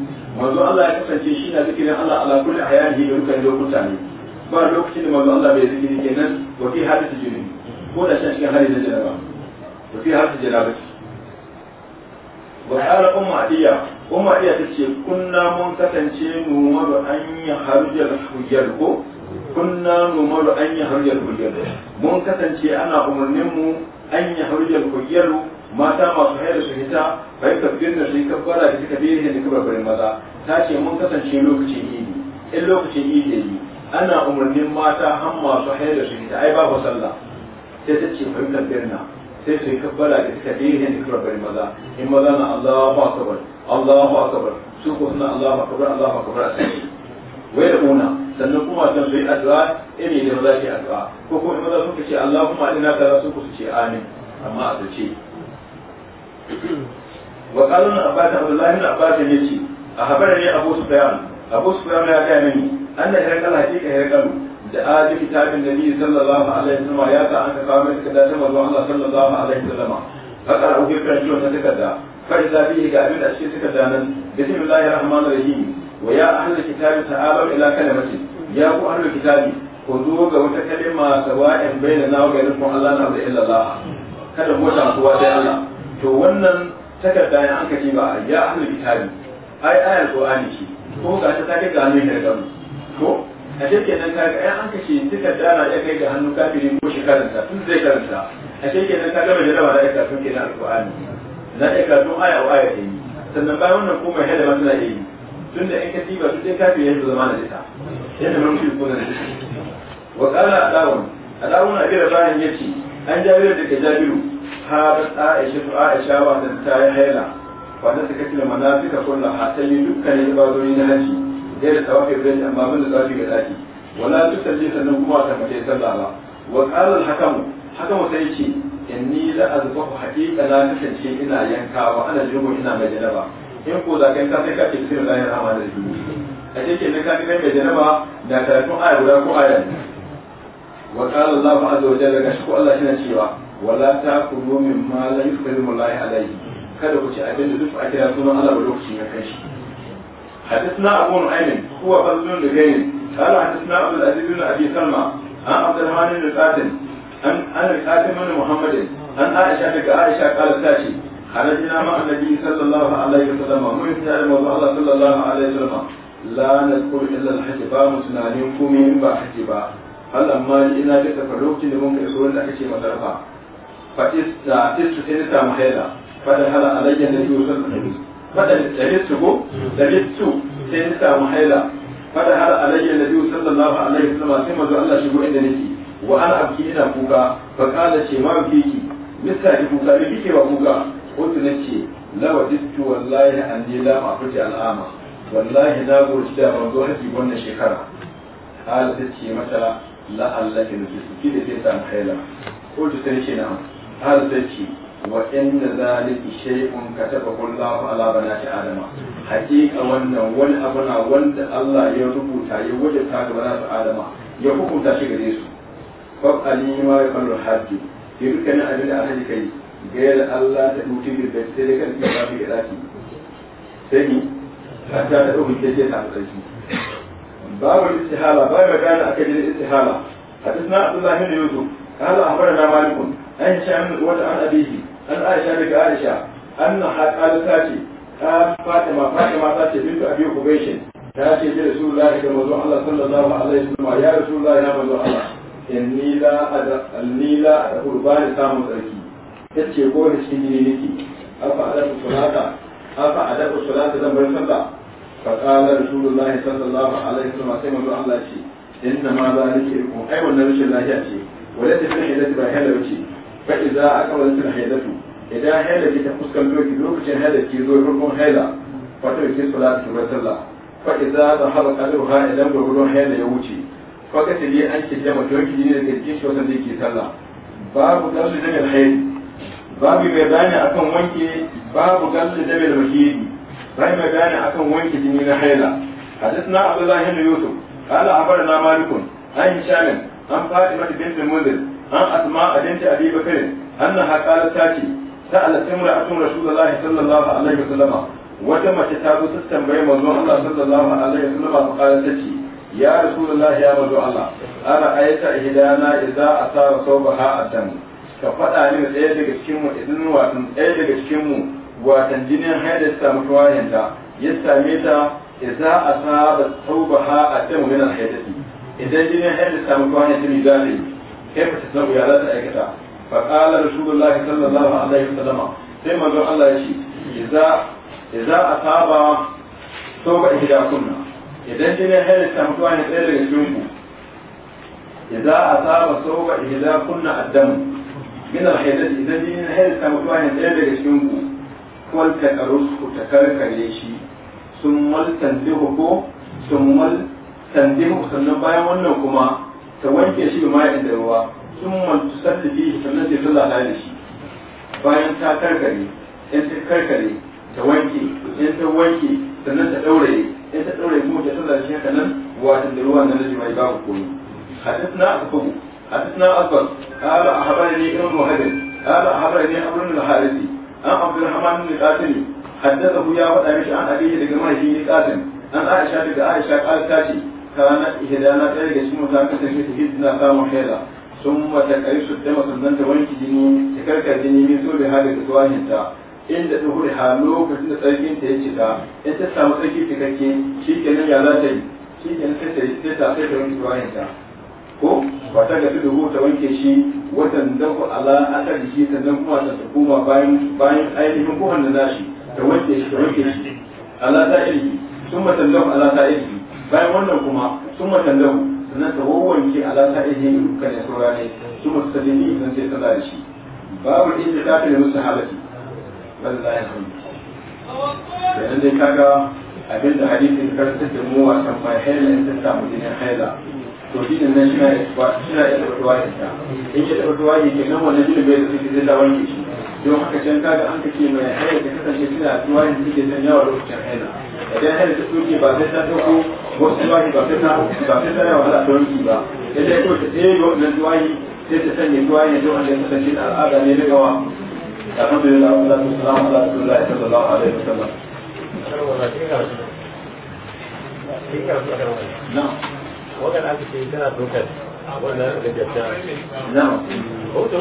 manzo Allah ya kasance shi na zikirin Allah ala kulli hayati da dukkan lokuta ne ba lokacin da manzo Allah bai zikiri kenan wa fi hadith junubi ko da shi cikin hadith da jaraba wa fi hadith jaraba wa ƙara umma iya umma iya ta ce kunna mun kasance numaru an yi harjar hujjar ko mun kasance ana umarnin mu an yi harjar hujjar mata masu haida su hita bai kafin da su yi kabbara da suka biye da maza ta ce mun kasance lokacin idi in lokacin ana umarnin mata ai babu sallah sai ta sai su yi kabbala da suka ɗaya ne suka bari maza in maza na Allahu akbar Allahu akbar su ko suna Allahu akbar Allahu akbar a sai wai da una sannan kuma san su yi addu'a iri eh, da maza ke addu'a ko kuma maza suka ce Allahumma inna kaza su ko su ce amin amma a ce wa qalu na abbas abdullahi na abbas ce a habar ne abu sufyan abu sufyan ya ga mini annahu hirqal hakika hirqalu da aji kitabin nabi sallallahu alaihi wasallam ya ta an kawo mai kada ta manzo Allah sallallahu alaihi wasallam fakar auke kan ciwon ta takarda fa idza bihi ga abin da shi takarda nan bismillahir rahmanir rahim wa ya ahlul kitabi ta'alu ila kalimati ya ku ahlul kitabi ku zo ga wata kalima sawa'in bainana wa bainakum Allah na da illallah kada mu ta kuwa sai Allah to wannan takarda ya an kace ba ya ahlul kitabi ai ayatul qur'ani ce ko ga ta take ga ne da ko a shekke nan ka ga an kashe duka dana ya kai ga hannu kafirin ko shi karanta tun zai karanta a shekke nan ka gama jaraba da aka sun kenan alqur'ani na aka don aya wa aya yi sannan bayan wannan kuma ya da masana yi tun da in ka tiba su sai kafi ya zo zama da ita yadda mun shi kuma wa qala alawun alawun abi rabahin yace an jabir da ka jabiru ha da aisha to aisha wa da ta yi haila wa da ta kace manafika kulla ha sai dukkanin ibadoyi na haji dai da tsawafi da shi amma bin da tsawafi ga daki wala tusalli sannan kuma ta mace sallah ba wa qala al-hakamu hakamu sai ce inni la azbahu haqiqa la kasance ina yankawa ana jumu ina mai janaba in ko da kai ka sai ka ce bismillahir da rahim a cikin da ka kai mai janaba da karatun aya guda ko aya wa qala Allahu azza wa jalla gashi ko Allah shi na cewa wala ta ta'kulu mimma la yuzkaru Allah alayhi kada ku ci abin da duk a kira sunan Allah ba lokacin ya kai shi حدثنا أبو نعيم هو فضل لغين قال حدثنا أبو العزيز بن أبي سلمى عن عبد الرحمن بن القاسم عن عن القاسم بن محمد عن عائشة لك عائشة قالت تاشي خرجنا مع النبي صلى الله عليه وسلم ومن سائر موضوع صلى الله عليه وسلم لا نذكر إلا الحجباء مسنانين كومي با حجباء هل أما إلا تتفرقت لمن يقول لك شيء مدرسة فإذا إذا سمحنا فدخل علي النبي صلى الله عليه وسلم fadan lamistu ko lamistu sai ni samu haila fada har alayya nabi sallallahu alaihi wasallam sai manzo Allah shigo inda nake wa ana abki ina kuka fa kala ce ma kiki mista ki kuka ne kike wa kuka wato nace lawadistu wallahi anni la ma'futi al'ama wallahi na gurci da manzo haji wannan shekara hala ta ce mata la'allaka nusu ki da sai samu haila ce na hala wa inna zalika shay'un katabahu Allah ala banati adama hakika wannan wani abu na wanda Allah ya rubuta ya wajata ga banati adama ya hukunta shi gare su fa alima ya kallu hajji fi dukkan abin da alhaji kai Allah ta duti da da sai kan ba fi iraki sai ni hatta da ubi ke قال أخبرنا مالك an hisham wata an abihi an aisha daga aisha an na ta ce ta fatima ta ce bintu abi kubaishin ta ce bi rasulullahi ga manzon Allah sallallahu alaihi wasallam ya rasulullahi ya manzon Allah inni la ada inni la ada qurbani samun sarki tace ko da cikin gini nake afa adabu salata afa adabu salata zan bar sallah fa qala rasulullahi sallallahu alaihi wasallam sai manzon Allah ce inna ma zalika ilkum ai wannan rashin lafiya ce ba فإذا أقبلت الحيضة إذا حيلة تفسكن لوكي لوكي حيلة كيزو يفرقون حيلة فتركي صلاة وسلة فإذا ظهر قدرها إذا بغلون حيلة يوتي فقط لي أنك جمع توكي جيني لكيش وسليكي صلى باب قبل دم الحيض باب بيباني أكون وانكي باب قبل دم الوكيدي باب بيباني أكون وانكي جيني حيلة حدثنا عبد الله بن يوسف قال أخبرنا مالك عن هشام عن فاطمة بنت المنذر an asma a binti abi bakr ha qalat ta ce sa'alat imra'atun rasulullahi sallallahu alaihi wasallam wata mace ta zo ta tambaye manzon Allah sallallahu alaihi wasallam ta qalat ta ce ya rasulullahi ya manzo Allah ara ayata ihdana idza asara sawbaha adam ka faɗa mini ɗaya daga cikin mu idan watan ɗaya daga cikin mu watan jinin haida ta samu tuwayenta ya same ta idza asara sawbaha adam min al-haidati idan jinin haida ta samu ta mi zai kai mace ta wuya a ta aikata fa qala rasulullahi sallallahu alaihi wasallam sai manzo ya ce idza idza asaba sawba ihda kunna ya hayar ta mutuwa ne sai daga kunna addam min alhayat idan ya hayar ta mutuwa ne sai daga cikin ku kwal ka karus ku ta karkare shi summal tandihu sannan bayan wannan kuma ta wanke shi da ma'in da ruwa sun man tusallafi shi sannan sai lalata da shi bayan ta karkare in ta karkare ta wanke in ta wanke sannan ta ɗaure in ta ɗaure mu ta lalata shi haka nan watan da ruwan nan da mai babu komai hadithna abu a abbas ne irin ibn muhaddith a ahbarani ne bin al-harisi an da ya abdurrahman bin qasim حدثه يا ودارش shi أبيه لجمال an aisha daga aisha قالت تاتي kana ihdana ɗaya daga cikin mutane ta hidna samun haila sun mata kai ta wanki jini ta karka jini min so da hada da tuwahinta inda ta hure ha lokacin da tsarkin ta ya cika in ta samu tsarki cikakke shi kenan ya za ta yi ta yi ta sai ta wanki ko ba ta ga tudu ta wanke shi watan da ku ala asar shi sannan kuma ta koma bayan bayan ainihin kuhan da nashi ta wanke shi ta wanke shi ala ta'ili sun matan da ala ta'ili bayan wannan kuma sun matallahu sannan ta wawwanke ala sa'ihin kan ya saura ne su masu sadini don sai tsada da shi babu ɗin ta fi da musu halatti wanda za yi hannu yanzu dai kaga abinda hadisin karantar da mu wasan mai haila in ta samu jinin haila to jinin nan shi na iya tabbatuwa da ta in ya tabbatuwa ke nan wannan jinin bai da suke zai da wanke shi don haka can kaga an kace mai haila ta kasance tana tuwa da take sanyawa lokacin haila idan haila ta tsoke ba sai ta dauko wasu tuwahi ba sai ta ba sai ta yawa da donki ba idan ko ta tsaye ga wannan tuwahi sai ta sanya tuwahi ne don ya kasance da al'ada ne daga wa alhamdulillah wassalatu wassalamu ala rasulillah sallallahu alaihi wasallam na'am wannan aka ce tana dokar wannan da ta hoto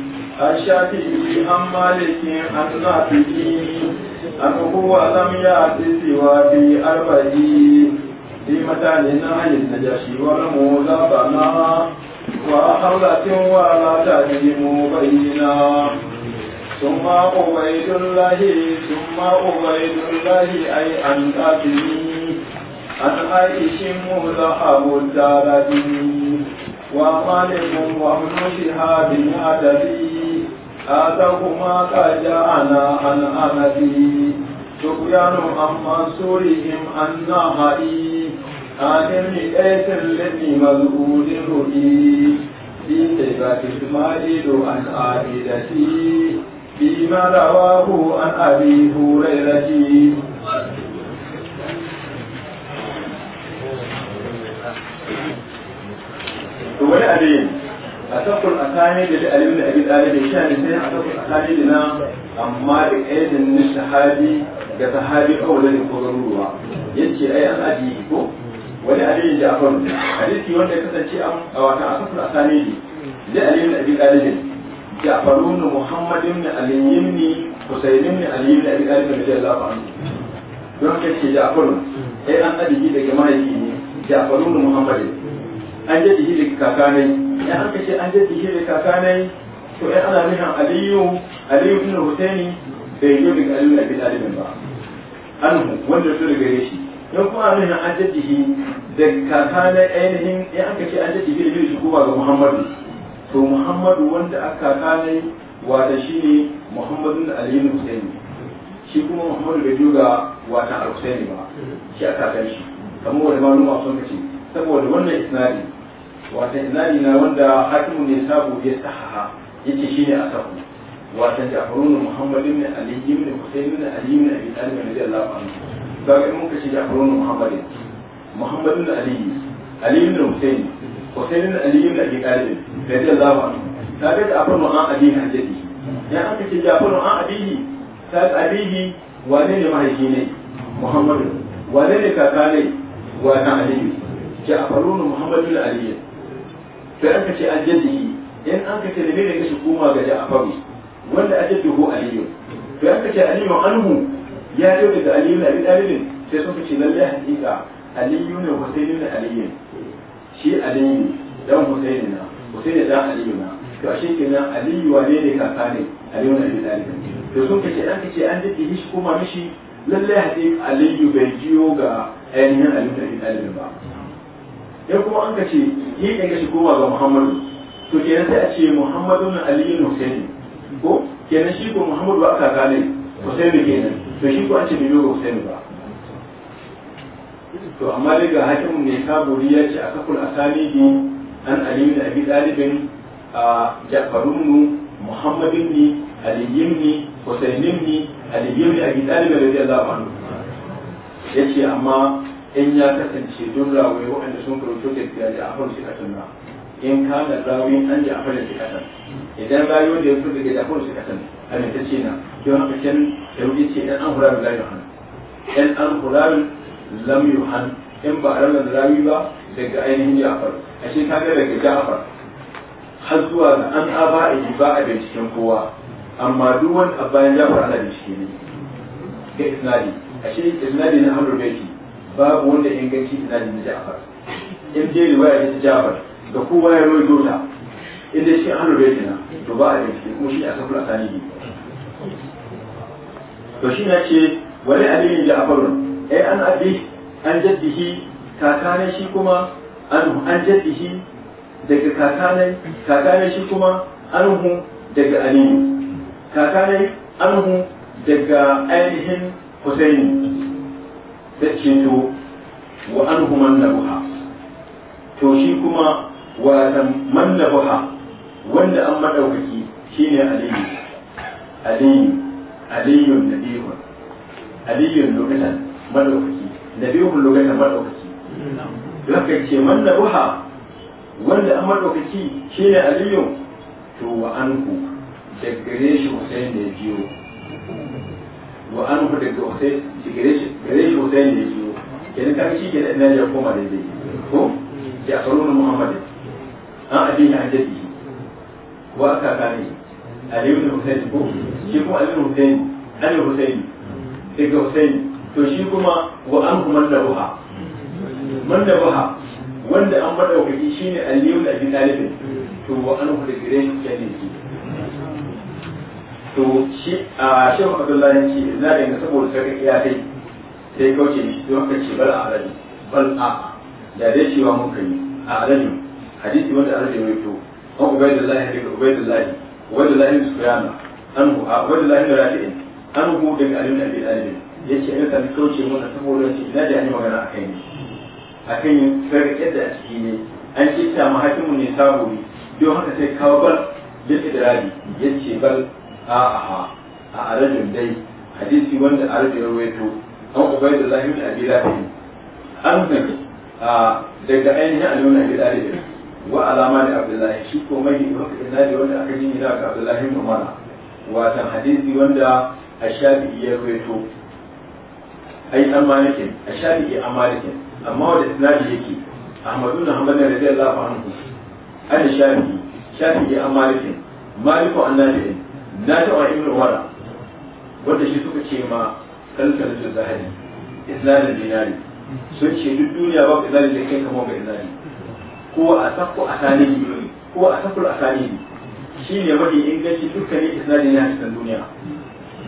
الشافعي عن مالك عن نافعي أن هو لم يأت سوى في أربعين في مكان عن النجاشي والموزبنا وحولة ولا تهدم بينا ثم عبيد الله ثم عبيد الله أي عن نافعي عن عائش مذهب الدارة ومالك وابن شهاب عددي آتاهما قد جاءنا عن أنبي سفيان عن منصورهم النهائي عن ابن قيس الذي مذعود رؤي في صفة إسماعيل عن عائلتي فيما رواه عن أبي هريرة wani abin أتوقع الأساني لألم أبي الآلة هشام الثاني أتوقع الأساني لنا أما بأيد النشهادي كتهادي أولا لقدروا يتي أي أن أجيبه wani aliyin da afon hadisi wanda ya kasance a wata asafin asani ne da aliyin abi dalibin da afarun na muhammadin na aliyin ne husainin na aliyin abi dalibin da Allah ba don haka ce ai an adigi daga mahaifi ne da muhammadin an jaddi shi da kakanai ya an kace an jaddi shi da kakanai to in ana nufin aliyu aliyu ibn husaini bai yi da aliyu da bin ba anhu wanda su daga shi don kuma ana nufin an jaddi shi da kakanai ainihin in an kace an jaddi shi da shi kuma ga muhammadu to muhammadu wanda aka kakanai wata shine muhammadun aliyu husaini shi kuma muhammadu bai duga wata al-husaini ba shi aka kan shi kamar wani maluma sun kace saboda wannan isnadi wata isnadi na wanda hakimu ne sabu ya sahaha yace shine asahu wata jafarun muhammad ibn ali ibn husayn ibn ali ibn abi talib radiyallahu anhu kaga in muka ce jafarun muhammad muhammad ibn ali ali ibn husayn husayn ibn ali ibn abi talib radiyallahu anhu kaga jafarun an abi hajjati ya aka ce jafarun an abihi sai abihi wane ne mahaifi ne muhammad wane ne kaka ne wa ta aliyu jafarun muhammad ibn ali sai aka ce an jaddihi in an ka ce lamirin ya shi ga ja'afaru wanda a jaddihu aliyu sai aka ce aliyu anhu ya ce daga aliyu na bin dalilin sai sun ce lallai hakika aliyu ne husaini ne aliyu shi aliyu dan husaini na husaini dan aliyu na to a shi kenan aliyu wane ne kaka ne aliyu na bin dalilin to sun ce an ce an jaddihi shi koma mishi lallai hakika aliyu bai jiyo ga ainihin aliyu na bin dalilin ba ya kuma an ka ce yi ga ka ga muhammadu to kenan sai a ce muhammadu na aliyu hussein ko kenan shi ko muhammadu aka gane hussein kenan to shi ko an ce bai hussein ba to amma dai ga hakimin ne kaburi ya ce a asali ne an aliyu da abi dalibin a mu muhammadin ni aliyu ni hussein ni aliyu da abi dalibin radiyallahu anhu ya ce amma in ya kasance duk rawayi waɗanda sun karanto gaskiya da ahun shi kasan na in kana rawayi an a ahun shi kasan idan rayu da ya fi daga da ahun shi kasan mai ta ce na don haka can da wuce ce ɗan an hurarun la yuhan ɗan an hurarun lam yuhan in ba a ranar rayu ba daga ainihin ja'far a shi kaga daga ja'far har zuwa ga an aba a ba a binciken kowa amma duk wani abayan ja'far ana binciken ne ga isnadi a shi isnadi na hamdul Beki. babu wanda inganci da zai Ja'far in je riwaya ta Ja'far da kowa ya rojo dota inda shi ahlul bayt na to ba a yi kuma shi a safar asani to shi na ce wani abin Ja'far ai eh, an abi an jaddihi kakanin shi kuma an an jaddihi daga kakanin kakanin shi kuma an hu daga aliyu an hu daga ainihin Husaini ta ce to wa an human nabuha to shi kuma watan man nabuha wanda an maɗaukaki shine aliyu aliyu aliyun nabihun aliyun lokacin maɗaukaki nabihun lokacin maɗaukaki don haka ce man nabuha wanda an maɗaukaki shine aliyun to wa an ku da gare shi Hussein da ya biyo wa an hu da sai shi gare shi gare shi Hussein ne yiwo kenan kaga shi kenan ina ya koma da daidai ko ya saruna Muhammad an abin an jadi wa aka kane Ali ibn Hussein ko shi kuma Ali ibn Hussein Ali Hussein daga Hussein to shi kuma wa an kuma da ruha man da ruha wanda an madaukaki shine Ali ibn Abi Talib to wa an hu da gare shi to shi a shehu abdullahi ya ce na da saboda sarki ya kai sai kauce shi don ka ce bal arabi bal a da dai wa mun yi a arabi hadisi wanda arabi mai to an ubaidullahi daga ubaidullahi ubaidullahi an anhu a ubaidullahi an anhu daga alim abi alim ce ina kan kauce mun saboda shi ina da ni magana a kai ne akan sarki da a ciki ne an kitta mu hakimu ne ne don haka sai kawo bal da idrari yace bal A'a, a arabin dai hadisi wanda arabi ya rawaito an ubaidu ubaidullahi ibn abi lafi annabi daga ainihin ali ibn abi lafi wa alama da abdullahi shi ko mai ina da wanda aka yi da abdullahi ibn umara watan hadisi wanda ashabi ya rawaito ai an malikin ashabi ya malikin amma wanda isnadi yake ahmadu na hamdan radiyallahu anhu an shafi shafi ya malikin maliku annabi na taɓa ibn umara wanda shi suka ce ma kalkalin zahari izlalin dinari sun ce duk duniya babu izlalin da kai kama ga izlali ko a sako a tanihi ko a sakul a tanihi shi ne mafi inganci dukkanin izlali na cikin duniya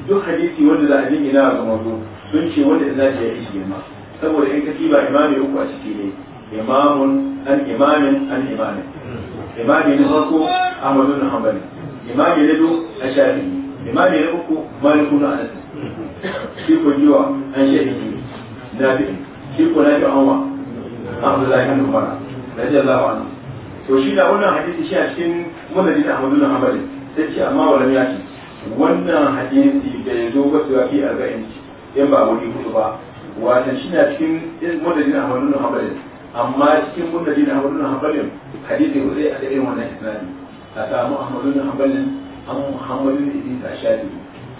duk hadisi wanda za a jingina ga mazo sun ce wanda izlali ya yi shi girma saboda in ka ba imami uku a ciki ne imamun an imamin an imamin imami na farko ahmadu na hanbali imami na biyu a shafi imami na uku maliku na anas shi ko jiwa an ne na biyu shi ko na biyu an wa abdullahi da umara radiyallahu wani to shi da wannan hadisi shi a cikin madadin ahmadu na hanbali sai ce amma ya yaki wannan hadisi da ya zo wasu a ga arba'in in ba wuri hudu ba watan shi na cikin madadin ahmadu na hanbali amma cikin madadin ahmadu na hanbali hadisi ko sai a da irin wannan isnadi a samu ahmadu bin hanbalin an muhammadu a shafi'i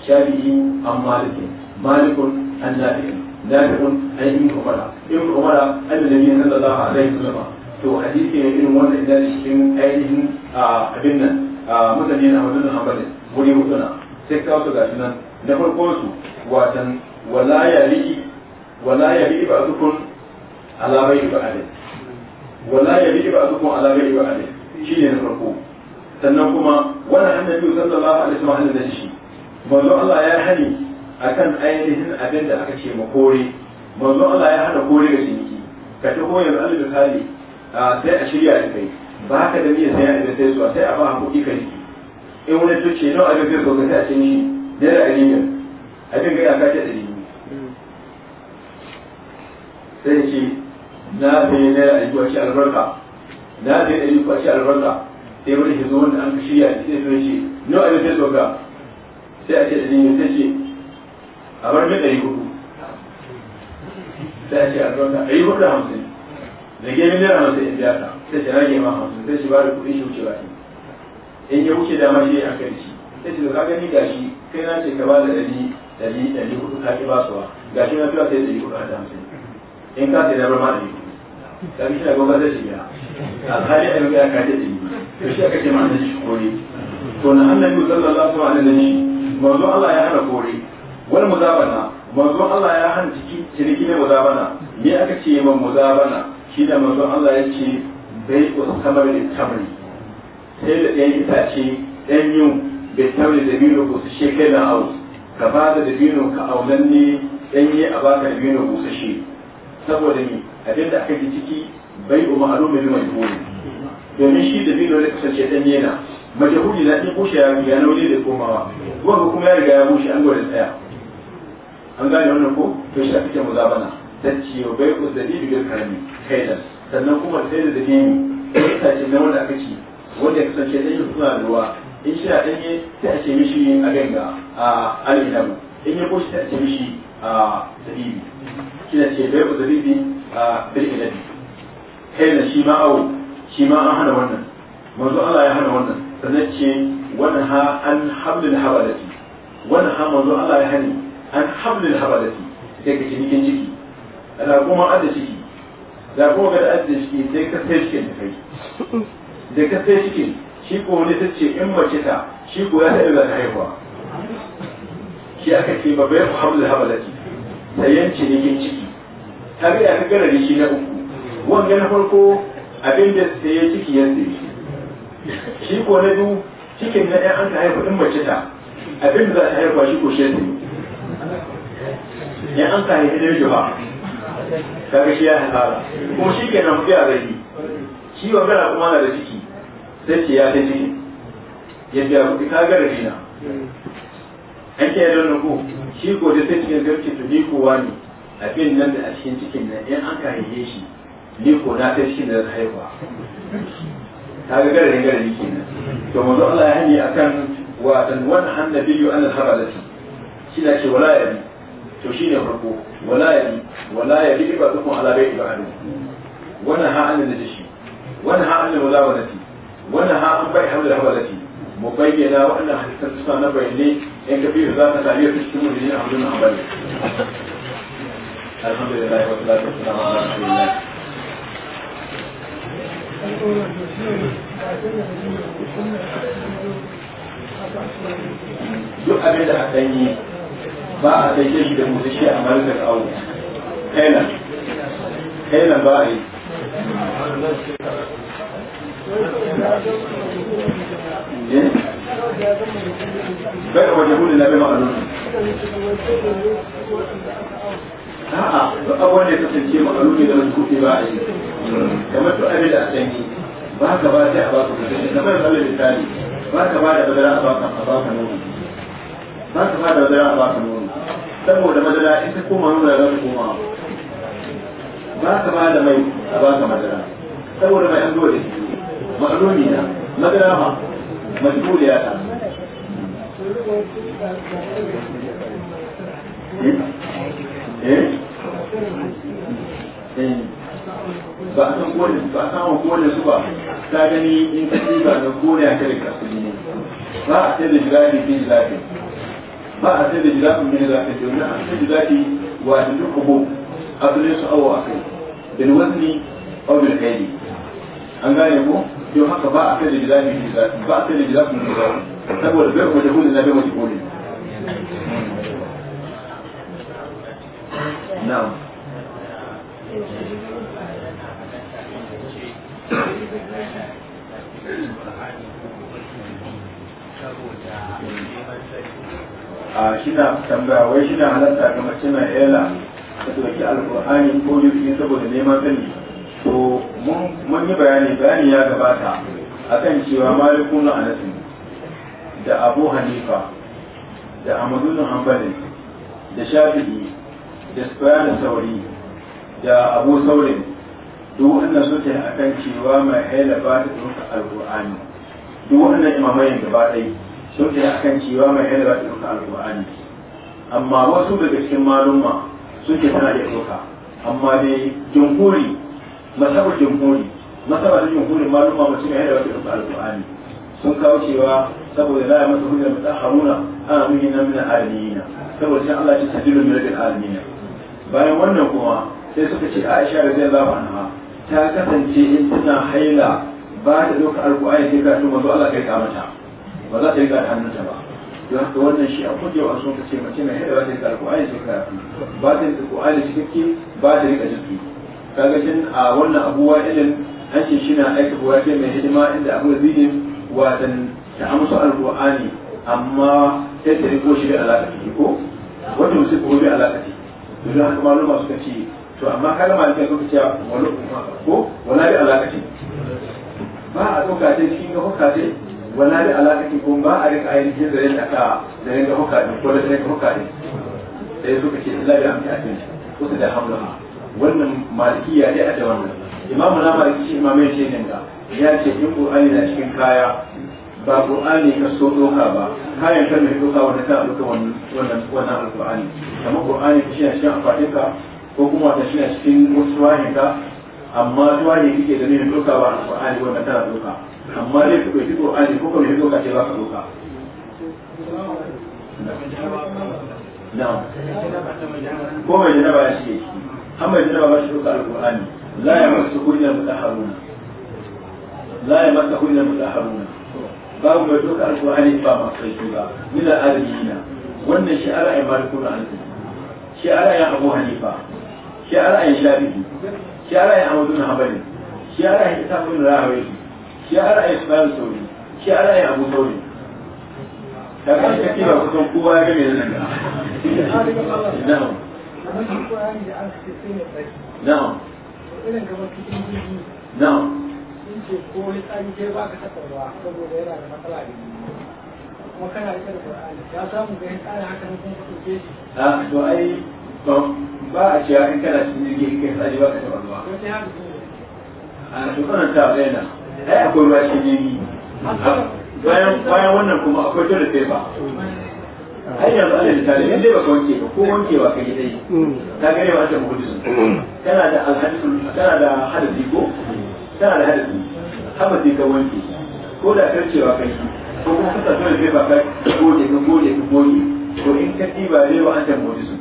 shafi'i an malikin malikun an nafi'in nafi'un an yi umara in umara an da nabi sallallahu alaihi wasallam to hadisi ne irin wannan idan cikin ainihin abin nan mutane na ahmadu bin hanbalin wuri mutuna sai kawo su gashi nan na farko su watan wala ya riƙi wala ya riƙi ba ba wala ba ba shi ne na farko sannan kuma biyu annabi sallallahu alaihi wa sallam da shi manzo Allah ya hani a kan ainihin abin da aka ce ma kore manzo Allah ya hana kore ga ciniki ka ta koya da da hali sai a shirya da kai ba ka da niyyar sai a da sai zuwa sai a ba haƙoƙi ka ciki in wani to ce nawa abin zai so ka sai a ce ni naira a biyar abin gaya ka ce da biyu sai ce na sai naira ɗari biyu a ce albarka na sai ɗari biyu a albarka sai wani shi zo wanda an shirya a cikin sun ce no a yau so sai a ce da jini sai ce a bar mai ɗari hudu sai a ce a zuwa ɗari hudu hamsin da ke min naira hamsin in biya ta sai ce rage ma hamsin sai shi ba da kuɗi shi wuce ba shi in ya wuce dama shi a kan shi sai ce ka gani gashi kai na ce ka ba da ɗari ɗari ɗari hudu ka ki ba su ba gashi na fiya sai ɗari hudu a hamsin in ka sai da bar ma ɗari hudu ka bi shi na gwamnati shi biya a da ya kare da to shi aka ce ma da shi kore to na annabi sallallahu alaihi wasallam manzo Allah ya hana kore wal muzabana manzo Allah ya hana ciki ciniki ne muzabana me aka ce man muzabana shi da manzo Allah ya ce bai ko samar da tamri sai da ɗayan itace ɗan yun bai tamri da biyu ko su shekela aus ka ba da dabino ka ne aunanne yi a baka dabino busashe saboda ni abin da aka yi ciki bai umma halu mai majhuli domin shi da bilo da kasance dan yana majhuli na in kushe ya ya nauri da komawa wanda kuma ya riga ya bushe an gwada tsaya an gane wannan ko to shi ake muzabana tacciyo bai uzadi bil karami kaidan sannan kuma sai da dalili wata ce na wanda aka ci wanda ya kasance dan yana suna ruwa in shi a danye sai a ce mishi a ganga a alinabu in ya kushe sai a ce mishi a dalili shine ce bai ku zabi a bil ilabi kai na shi ma awo shi ma an hana wannan manzo Allah ya hana wannan sannan ce wannan ha an hamlil habalati wannan ha manzo Allah ya hani an hamlil habalati sai ka cinikin ciki ana kuma adda ciki da kuma ga adda ciki sai ka sai cikin da kai da ka sai cikin shi ko wani ta ce in mace ta shi ko ya taɓa ta haihuwa shi aka ce ba bai hamlil habalati sayan cinikin ciki tare da gara da shi na uku wanda na farko abin da sai ya ciki ya sai shi ko na biyu cikin na ɗan an ta haifa ɗin mace ta abin da za ta haifa shi ko shi ya sai ya an ta haifa ɗin juha kaga shi ya haifa kuma shi ke nan fiya zai shi wa gara kuma na da ciki sai ce ya sai ciki ya biya kuɗi ka shi na an ke yadda na ku shi ko da sai cikin garki to ni kowa ne abin nan da a cikin cikin nan in an kare shi ni ko na kai shi da haihuwa ta ga gare gare kenan to manzo Allah ya hani akan wa dan wan annabi an al-habalati shi da ke wala yabi to shi ne farko wala yabi wala yabi ba dukun ala bai ibadu wana ha an da shi wana ha an mulawati wana ha an bai hamdul habalati mubayyana wa anna hadisan na bayyane in kabiru za ta tarihi cikin mulkin abdul habalati الحمد لله والصلاة والسلام على رسول الله duk abin da aka yi ba a ɗauke shi da mutu shi a malikar awo kailan kailan ba a yi bai wajen hudu na bai ma'alutu a'a duk abuwan da ya kasance makalumi da rukuki ba a yi kamar duk abin da a sanyi ba ka ba ta a ba ka kasance kamar da misali ba ka ba da madara a ba ka a ba ka nono ba ka ba da madara a ba ka nono saboda madara in ta koma nuna za ta koma ba ka ba da mai a ba ka madara saboda mai an dole makalumi na madara ma majbuliya ta Thank hmm? you. Eh? Eh. ba a san kone ba a samun kone su ba ta gani in ka ci ba da kone a kare kasu ne ba a sai da jirafi bin zafi ba a sai da jirafi bin zafi domin a sai da jirafi wa da duk abu a tsire su awo a kai bin wani obin kaini an gane ko yau haka ba a sai da jirafi bin zafi ba a sai da jirafi bin zafi saboda bai kuma jahulun na bai mace kone na'am a shina tambaya wai shina halatta ga mace mai ta alkur'ani ko yuki saboda neman sani to mun yi bayani bayani ya gabata akan cewa malikun anasin da abu hanifa da ahmadu hanbali da shafi'i da sufiyan sauri da abu saurin duk wanda suke a kan cewa mai haila ba ta ɗauka alƙur'ani duk wanda imamai gaba ɗai suke a kan cewa mai haila ba ta ɗauka alƙur'ani amma wasu daga cikin malumma suke tana da ɗauka amma dai jumhuri masabar jumhuri masabar da jumhurin malumma mutum mai haila ba ta ɗauka alƙur'ani sun kawo cewa saboda la ya masa hujjar mutaharuna ana muhimmin na alamina saboda shi Allah ce shi sajilun min alamina bayan wannan kuma sai suka ce aisha radiyallahu anha ta kasance in tana haila ba ta doka alƙur'ani sai ka tuma Allah kai ka mata ba za ta yi gada hannunta ba don haka wannan shi a kujewa a sun kace mace mai haila ba ta yi alƙur'ani sai ka ba ta yi alƙur'ani cikakke ba ta rika jiki kaga shin a wannan abubuwa ilin an shi na aika buwa ce mai hidima inda abu da zidin watan ta amsa alƙur'ani amma sai ta riko shi da alaƙa ko wanda musu ko bi alaƙa duk haka ma suka ci. to amma kalma ne suka ce wala ko wala bi alaqati ba a doka ce cikin ga hukka ce wala bi alaqati ko ba a rika ainihin da yin ka da yin ga hukka ko da yin hukka ne sai suka ce illa bi amti atin ko da hamlaha wannan malikiya ne a da wannan imamu na maliki shi imamai ce ne ya ce in ayi na cikin kaya ba qur'ani ka so doka ba kayan kan mai doka wanda ta doka wannan wannan qurani amma qur'ani ka shi shi amfani ko kuma ta shi cikin wasu wahin ka amma tuwaye kike da ne doka ba Al-Qur'ani wanda ta doka amma dai ku ɗauki qur'ani ko kuma doka ce ba ka doka ko mai jaraba ya shi an mai jaraba ba shi doka alqur'ani la ya masu hujjar mutaharuna la ya masu hujjar mutaharuna babu mai duka alƙur'ani ba masu sarki ba mila arzikina wannan shi ara'ayin malikun arziki shi ara'ayin abu hanifa shi ara'ayin shafi'i shi ara'ayin ahmadu na habari shi ara'ayin isa bin rahawi shi ara'ayin subayin sauri shi ara'ayin abu sauri da kan ka kira kusan kowa ya game da nan Na na'am na'am na'am ce ko tsari je ba ka taɓarwa saboda yana da matsala da kuma kana da da Qur'ani ya samu ga tsari haka nan kuma ka shi a ah, to ai ba a cewa in kana cikin jirgi kai tsari ba ka taɓarwa a ah, to kana ta bayyana ai akwai ruwa cikin jirgi bayan bayan wannan kuma akwai dole sai ba ai yanzu alal misali in dai baka wanke ba ko wanke ba kai dai ta gare wa ta muhaddisin kana da alhadith kana da hadisi ko tana da hadisi haba sai ka wanke ko da karcewa kai ko kuma kusa dole sai ba ka gode ka gode ka gode to in ka ba ne wa an gode su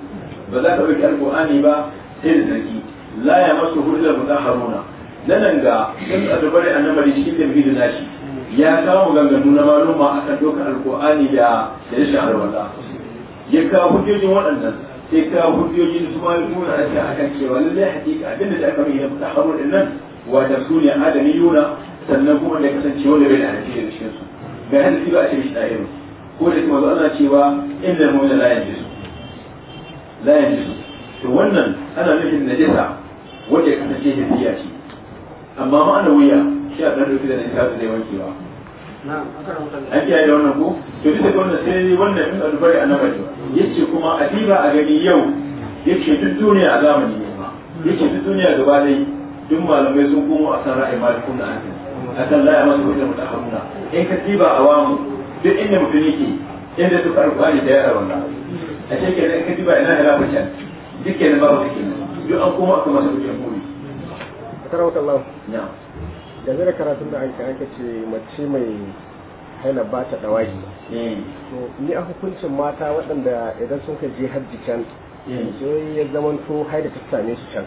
ba za ka ɗauki alƙur'ani ba sai da sarki la ya masu hulɗar haruna nan ga sun azubari annabari shi da bidu nashi ya kawo ganganu na maluma kan dokar alƙur'ani da da rashin alwala ya kawo hujjojin waɗannan sai kawo hujjojin su ma kuma a akan cewa lallai hakika abinda da aka mai na mutahharun nan wa da su ne sannan kuma da kasance wanda bai da hadisi da cikin su ga hadisi ba a ce mishi da'iru ko da kuma Allah cewa inda mu'mina layin jisu layin jisu to wannan ana nufin najasa wanda ya kasance hisiya ce amma ana wuya shi a ɗan rufi da najasa da zai wankewa an kiyaye da wannan ko to duk da wannan sai wannan in alfari ya ce kuma a adiba a gani yau ya ce duk duniya a zamani ne ma ce duk duniya gaba dai duk malamai sun komo a san ra'ayi malikun da hankali akan la ya masu hujjar mutahammuna in ka tiba awamu duk inda mutum yake inda duk alƙur'ani da yara wannan a ce da in ka tiba ina da lafa can duk kenan babu take duk an koma aka masa hujjar kuri tarawata lau. ya zira karatun da aka aka ce mace mai haila ba ta dawagi ni eh. a hukuncin mata waɗanda idan sun ka je hajji can Hmm. sai ya zaman to haida ta same su can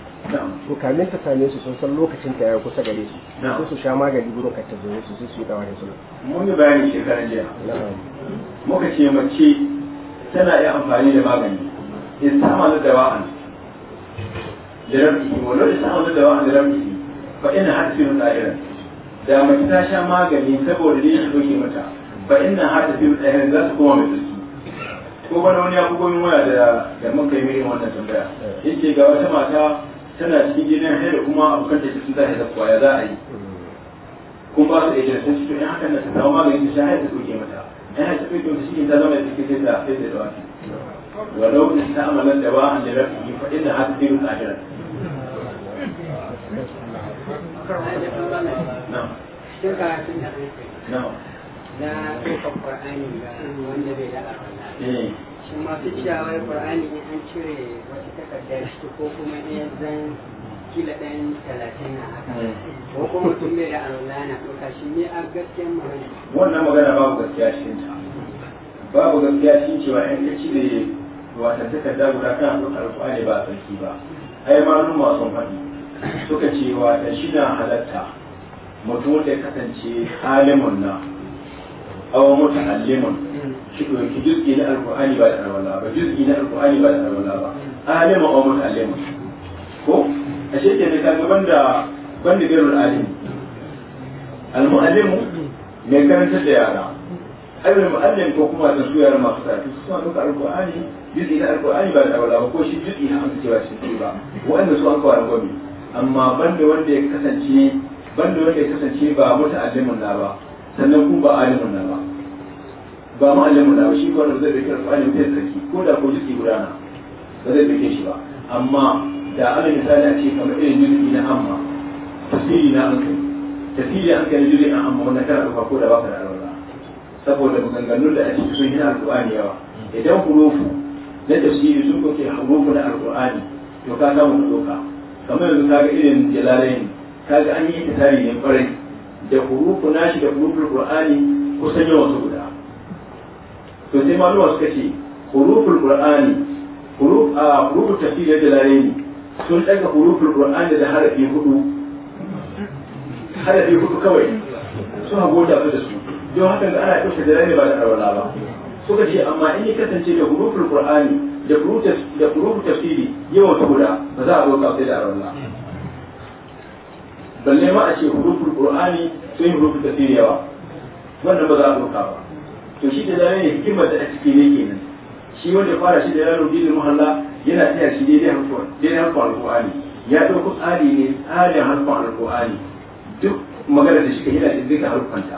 to kamin ta same su sun san lokacin ta ya kusa gare su su su sha magani gurin ka ta zo su sai su yi dawa da su mun yi bayani shekaran jiya muka ce mace tana yi amfani da magani in sama da an da rabbi walau in sama da dawa'an da rabbi fa ina hadisin da'iran da mace ta sha magani saboda ne shi doke mata fa ina hadisin da'iran za su koma mai ko bana wani abu gomi waya da da muka yi mini wannan tambaya eh. yace ga wata mata tana cikin gidan sai da kuma abokan ta sun zai da kwaya za a yi hmm. kuma ba su ejin sai cikin in eh, hakan na ta samu magani ta shahada ta doke mata in eh, haka ta doke mata shi ta zama da cikin sai ta sai hmm. da dawa wa law ista'malan dawa an da rafi fa inna hadha dinul akhirah hmm. na'am na'am na ɗaukar ƙwar'ani wanda bai da alaƙa eh. shi masu cewa ƙwar'ani an cire wata takardar shi ko kuma in zan kila ɗan talatin na eh. ko kuma tun da alaƙa na ɗauka shi ne a gaskiyar magana. wannan magana babu gaskiya shi babu gaskiya shi cewa in ka cire wata takarda guda kana ɗaukar ƙwar'ani ba a sarki ba ai malum masu faɗi suka ce wata shi na halatta mutum da ya kasance alimun na aw muta'allimun shi ɗauki juz'i na alqur'ani ba da alwala ba juz'i na alqur'ani ba da alwala ba alimu aw muta'allimun ko a shi ke da kaga banda banda gairul alim almu'allimu mai karantar da yara ayyul mu'allim ko kuma da su yara masu tafi su suna ɗauka alqur'ani juz'i na alqur'ani ba da alwala ba ko shi juz'i na amsa cewa shi ba wanda su an kawo gobe amma banda wanda ya kasance banda wanda ya kasance ba muta'allimun na ba sannan kuma ba alimun na ba ba ma alimu da shi ko zai bai karfa alimu zai tsaki ko da ko jiki gudana ba zai bai shi ba amma da ala misali a ce kamar irin jirgi na amma tasiri na an kai tasiri an kai jirgi na amma wannan kana ɗauka ko da ba baka da alwala saboda maganganun da a ciki sun yi na alƙur'ani yawa idan hurufu na tafsiri sun koke hurufu na alƙur'ani to ka samu ka ɗauka kamar yanzu ka ga irin jalalain ka ga an yi tasiri ne kwarai da hurufu nashi da hurufu alƙur'ani kusan yawan su guda to sai lura suka ce huruful qur'ani huruf a huruf tafsir da lalaini sun daga huruful qur'ani da harafi hudu harafi hudu kawai sun hago da su da su don haka da ana ɗauke da lalaini ba da arwala ba suka ce amma in ya kasance da huruful qur'ani da huruf da huruf tafsiri yawan su guda ba za a ka sai da arwala balle ma a ce huruful qur'ani sai huruful tafsiri yawa wannan ba za a ka ba to shi da zai ne hikimar da a ciki ne kenan shi wanda fara shi da yaro dinin muhalla yana tsaya shi daidai harfa daidai harfa alqur'ani ya ɗauko tsari ne tsarin harfa alqur'ani duk magana da shi ka yana da duka harfanta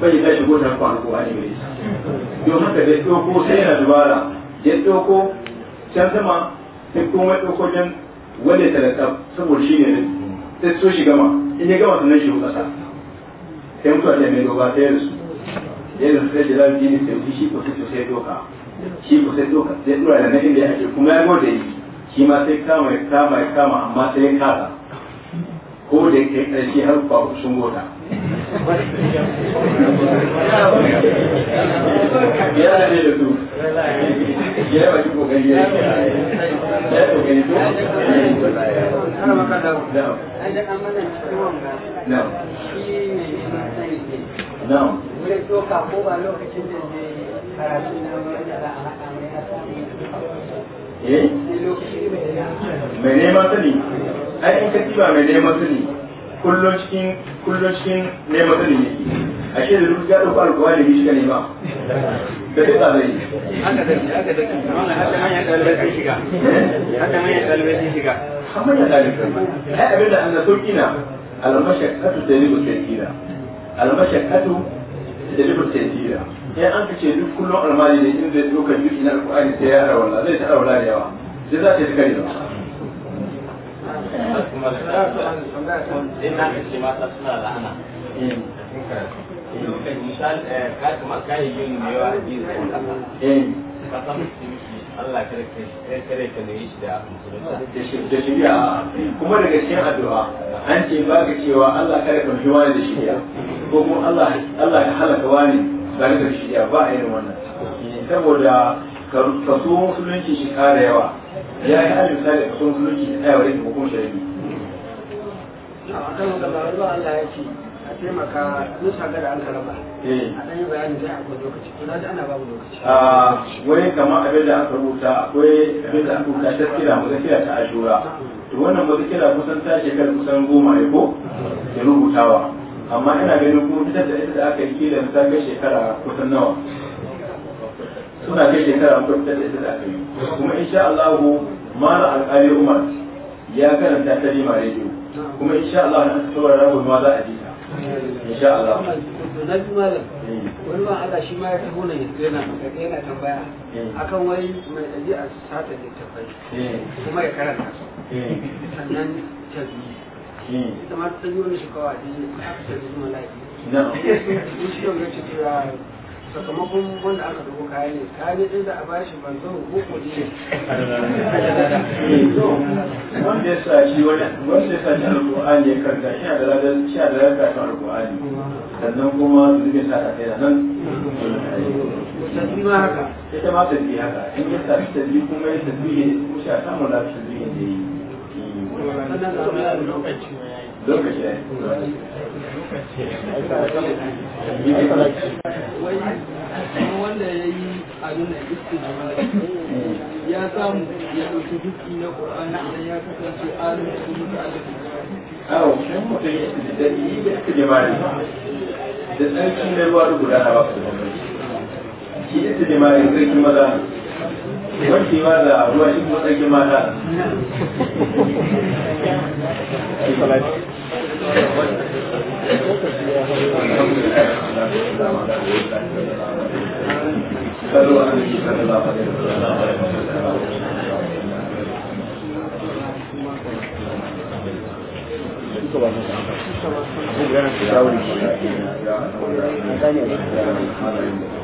bai ta shigo ta harfa alqur'ani mai isa don haka da dauko sai yana dubara ya dauko can sama sai kuma dauko jan wanda talaka saboda shi ne sai so shi gama in ya gama sannan shi kasa sai mutuwa ta mai ba ta su yana sai da zai yi sai shi ko sai sai doka shi ko sai doka sai dora da nan da ake kuma ya gode yi shi ma sai kama ya kama ya kama amma sai ya ko da ke karshe har ba sun goda ne da su ya ba shi ya ya to ana maka da da an da na shi ne ne sai ne na zai doka ko ba lokacin da zai karatu na wanda za a haɗa mai hasari eh? mai neman sani ai in ka tiba mai neman sani kullum cikin kullum cikin neman sani ne ashe da duk gado ba alkuwa ne shi ka nema da duk zai haka da haka da wannan haka manyan dalibai sun shiga eh? haka manyan dalibai sun shiga kamar da dalibai ai abinda an na sauki na almashakatu da ribu sakina almashakatu da libar tafiya ya eh, an kace duk kullum almali ne duk ina alƙur'ani sai ya rawalla zai ta rawalla da yawa sai za ta yi eh. kai da yin wa hadisi eh Allah kuma daga cikin addu'a an ce ba ka cewa Allah kare shi wani da shirya ko kuma Allah ka halaka wani ba ka shirya ba a irin wannan saboda kaso musulunci shi kara yawa ya yi hajji ka kaso musulunci da tsayawa yake hukum shari'i a kan ba Allah ya ce a taimaka nusa gada an karaba eh. a ɗanyi yi bayani zai akwai lokaci to na ji ana babu lokaci a wani kama abin da aka rubuta akwai abin da aka rubuta taskira mu ta ashura to wannan wata kira kusan ta shekar kusan goma ya ko ya rubutawa amma ina ganin kuma fitar da ita da aka yi kila ta kai shekara kusan nawa suna kai shekara kusan fitar da ita da aka yi kuma insha Allah mara alƙali Umar ya karanta ta lima rediyo kuma insha Allah na tsawar rabu ma za a ji ta insha Allah zabi malam eh. wani ma Allah shi ma ya taho nan yana yana tambaya eh. akan wai mai aji a sata littafai eh. kuma ya karanta su sannan tazmi ita ma ta yi wani shekawa da aka tazmi malaki in shi yau ya ce cewa sakamakon wanda aka dubu kaya ne kaya ne da a bashi ban zo ko ko ne wanda ya sa shi wanda ya sa shi alƙur'ani ya karanta shi a dalalar shi a dalalar kan alƙur'ani sannan kuma su ne sa kai da nan tasbima haka ita ma tasbi haka in ya sa tasbi kuma ya tasbi ko shi a samun lafiya tasbi ne yi wanda ya yi abin da ya samu ya ɗauki duki na idan ya kasance da da na ba su da wankewa da ruwa shi kuma tsarki mata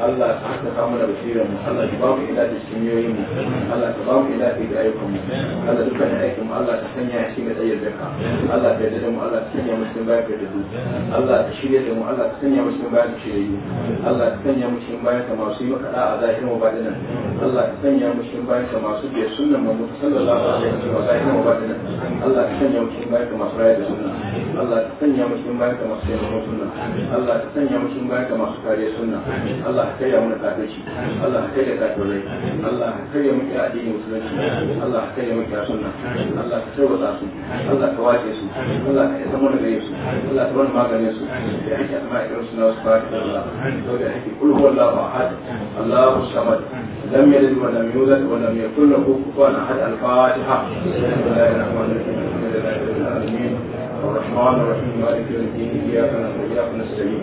Allah ka haka kama da basirar mu Allah ka bamu ila da cinyoyin mu Allah ka bamu ila da ayyukan mu Allah dukkan aikin mu Allah ka sanya ya cikin tsayar ka. Allah ka yarda mu Allah ka sanya mu cikin bayan ka dudu Allah ka shirya da mu Allah ka sanya mu cikin bayan ka shirye Allah ka sanya mu cikin bayan ka masu yi maka da'a zahirin mu nan. Allah ka sanya mu cikin bayan ka masu biya sunnan mu sallallahu alaihi wa sallam zahirin mu nan. Allah ka sanya mu cikin bayan ka masu rayar da sunna Allah ka sanya mu cikin bayan ka masu yi sunna Allah ka sanya mu cikin bayan ka masu kariya sunna Allah Allah ka kaiya mana kafirci Allah ka kaiya kafirai Allah ka kaiya muke addinin musulunci Allah ka muke sunna Allah ka tarwata su Allah ka wace su Allah ka isa mana gare su Allah ka mana maganin su ya yake amma irin suna wasu baki da Allah to da yake kul huwallahu ahad Allahu samad lam yalid wa lam yulad wa lam yakul lahu kufuwan ahad al-fatiha الرحمن الرحيم مالك يوم الدين اياك نعبد واياك نستعين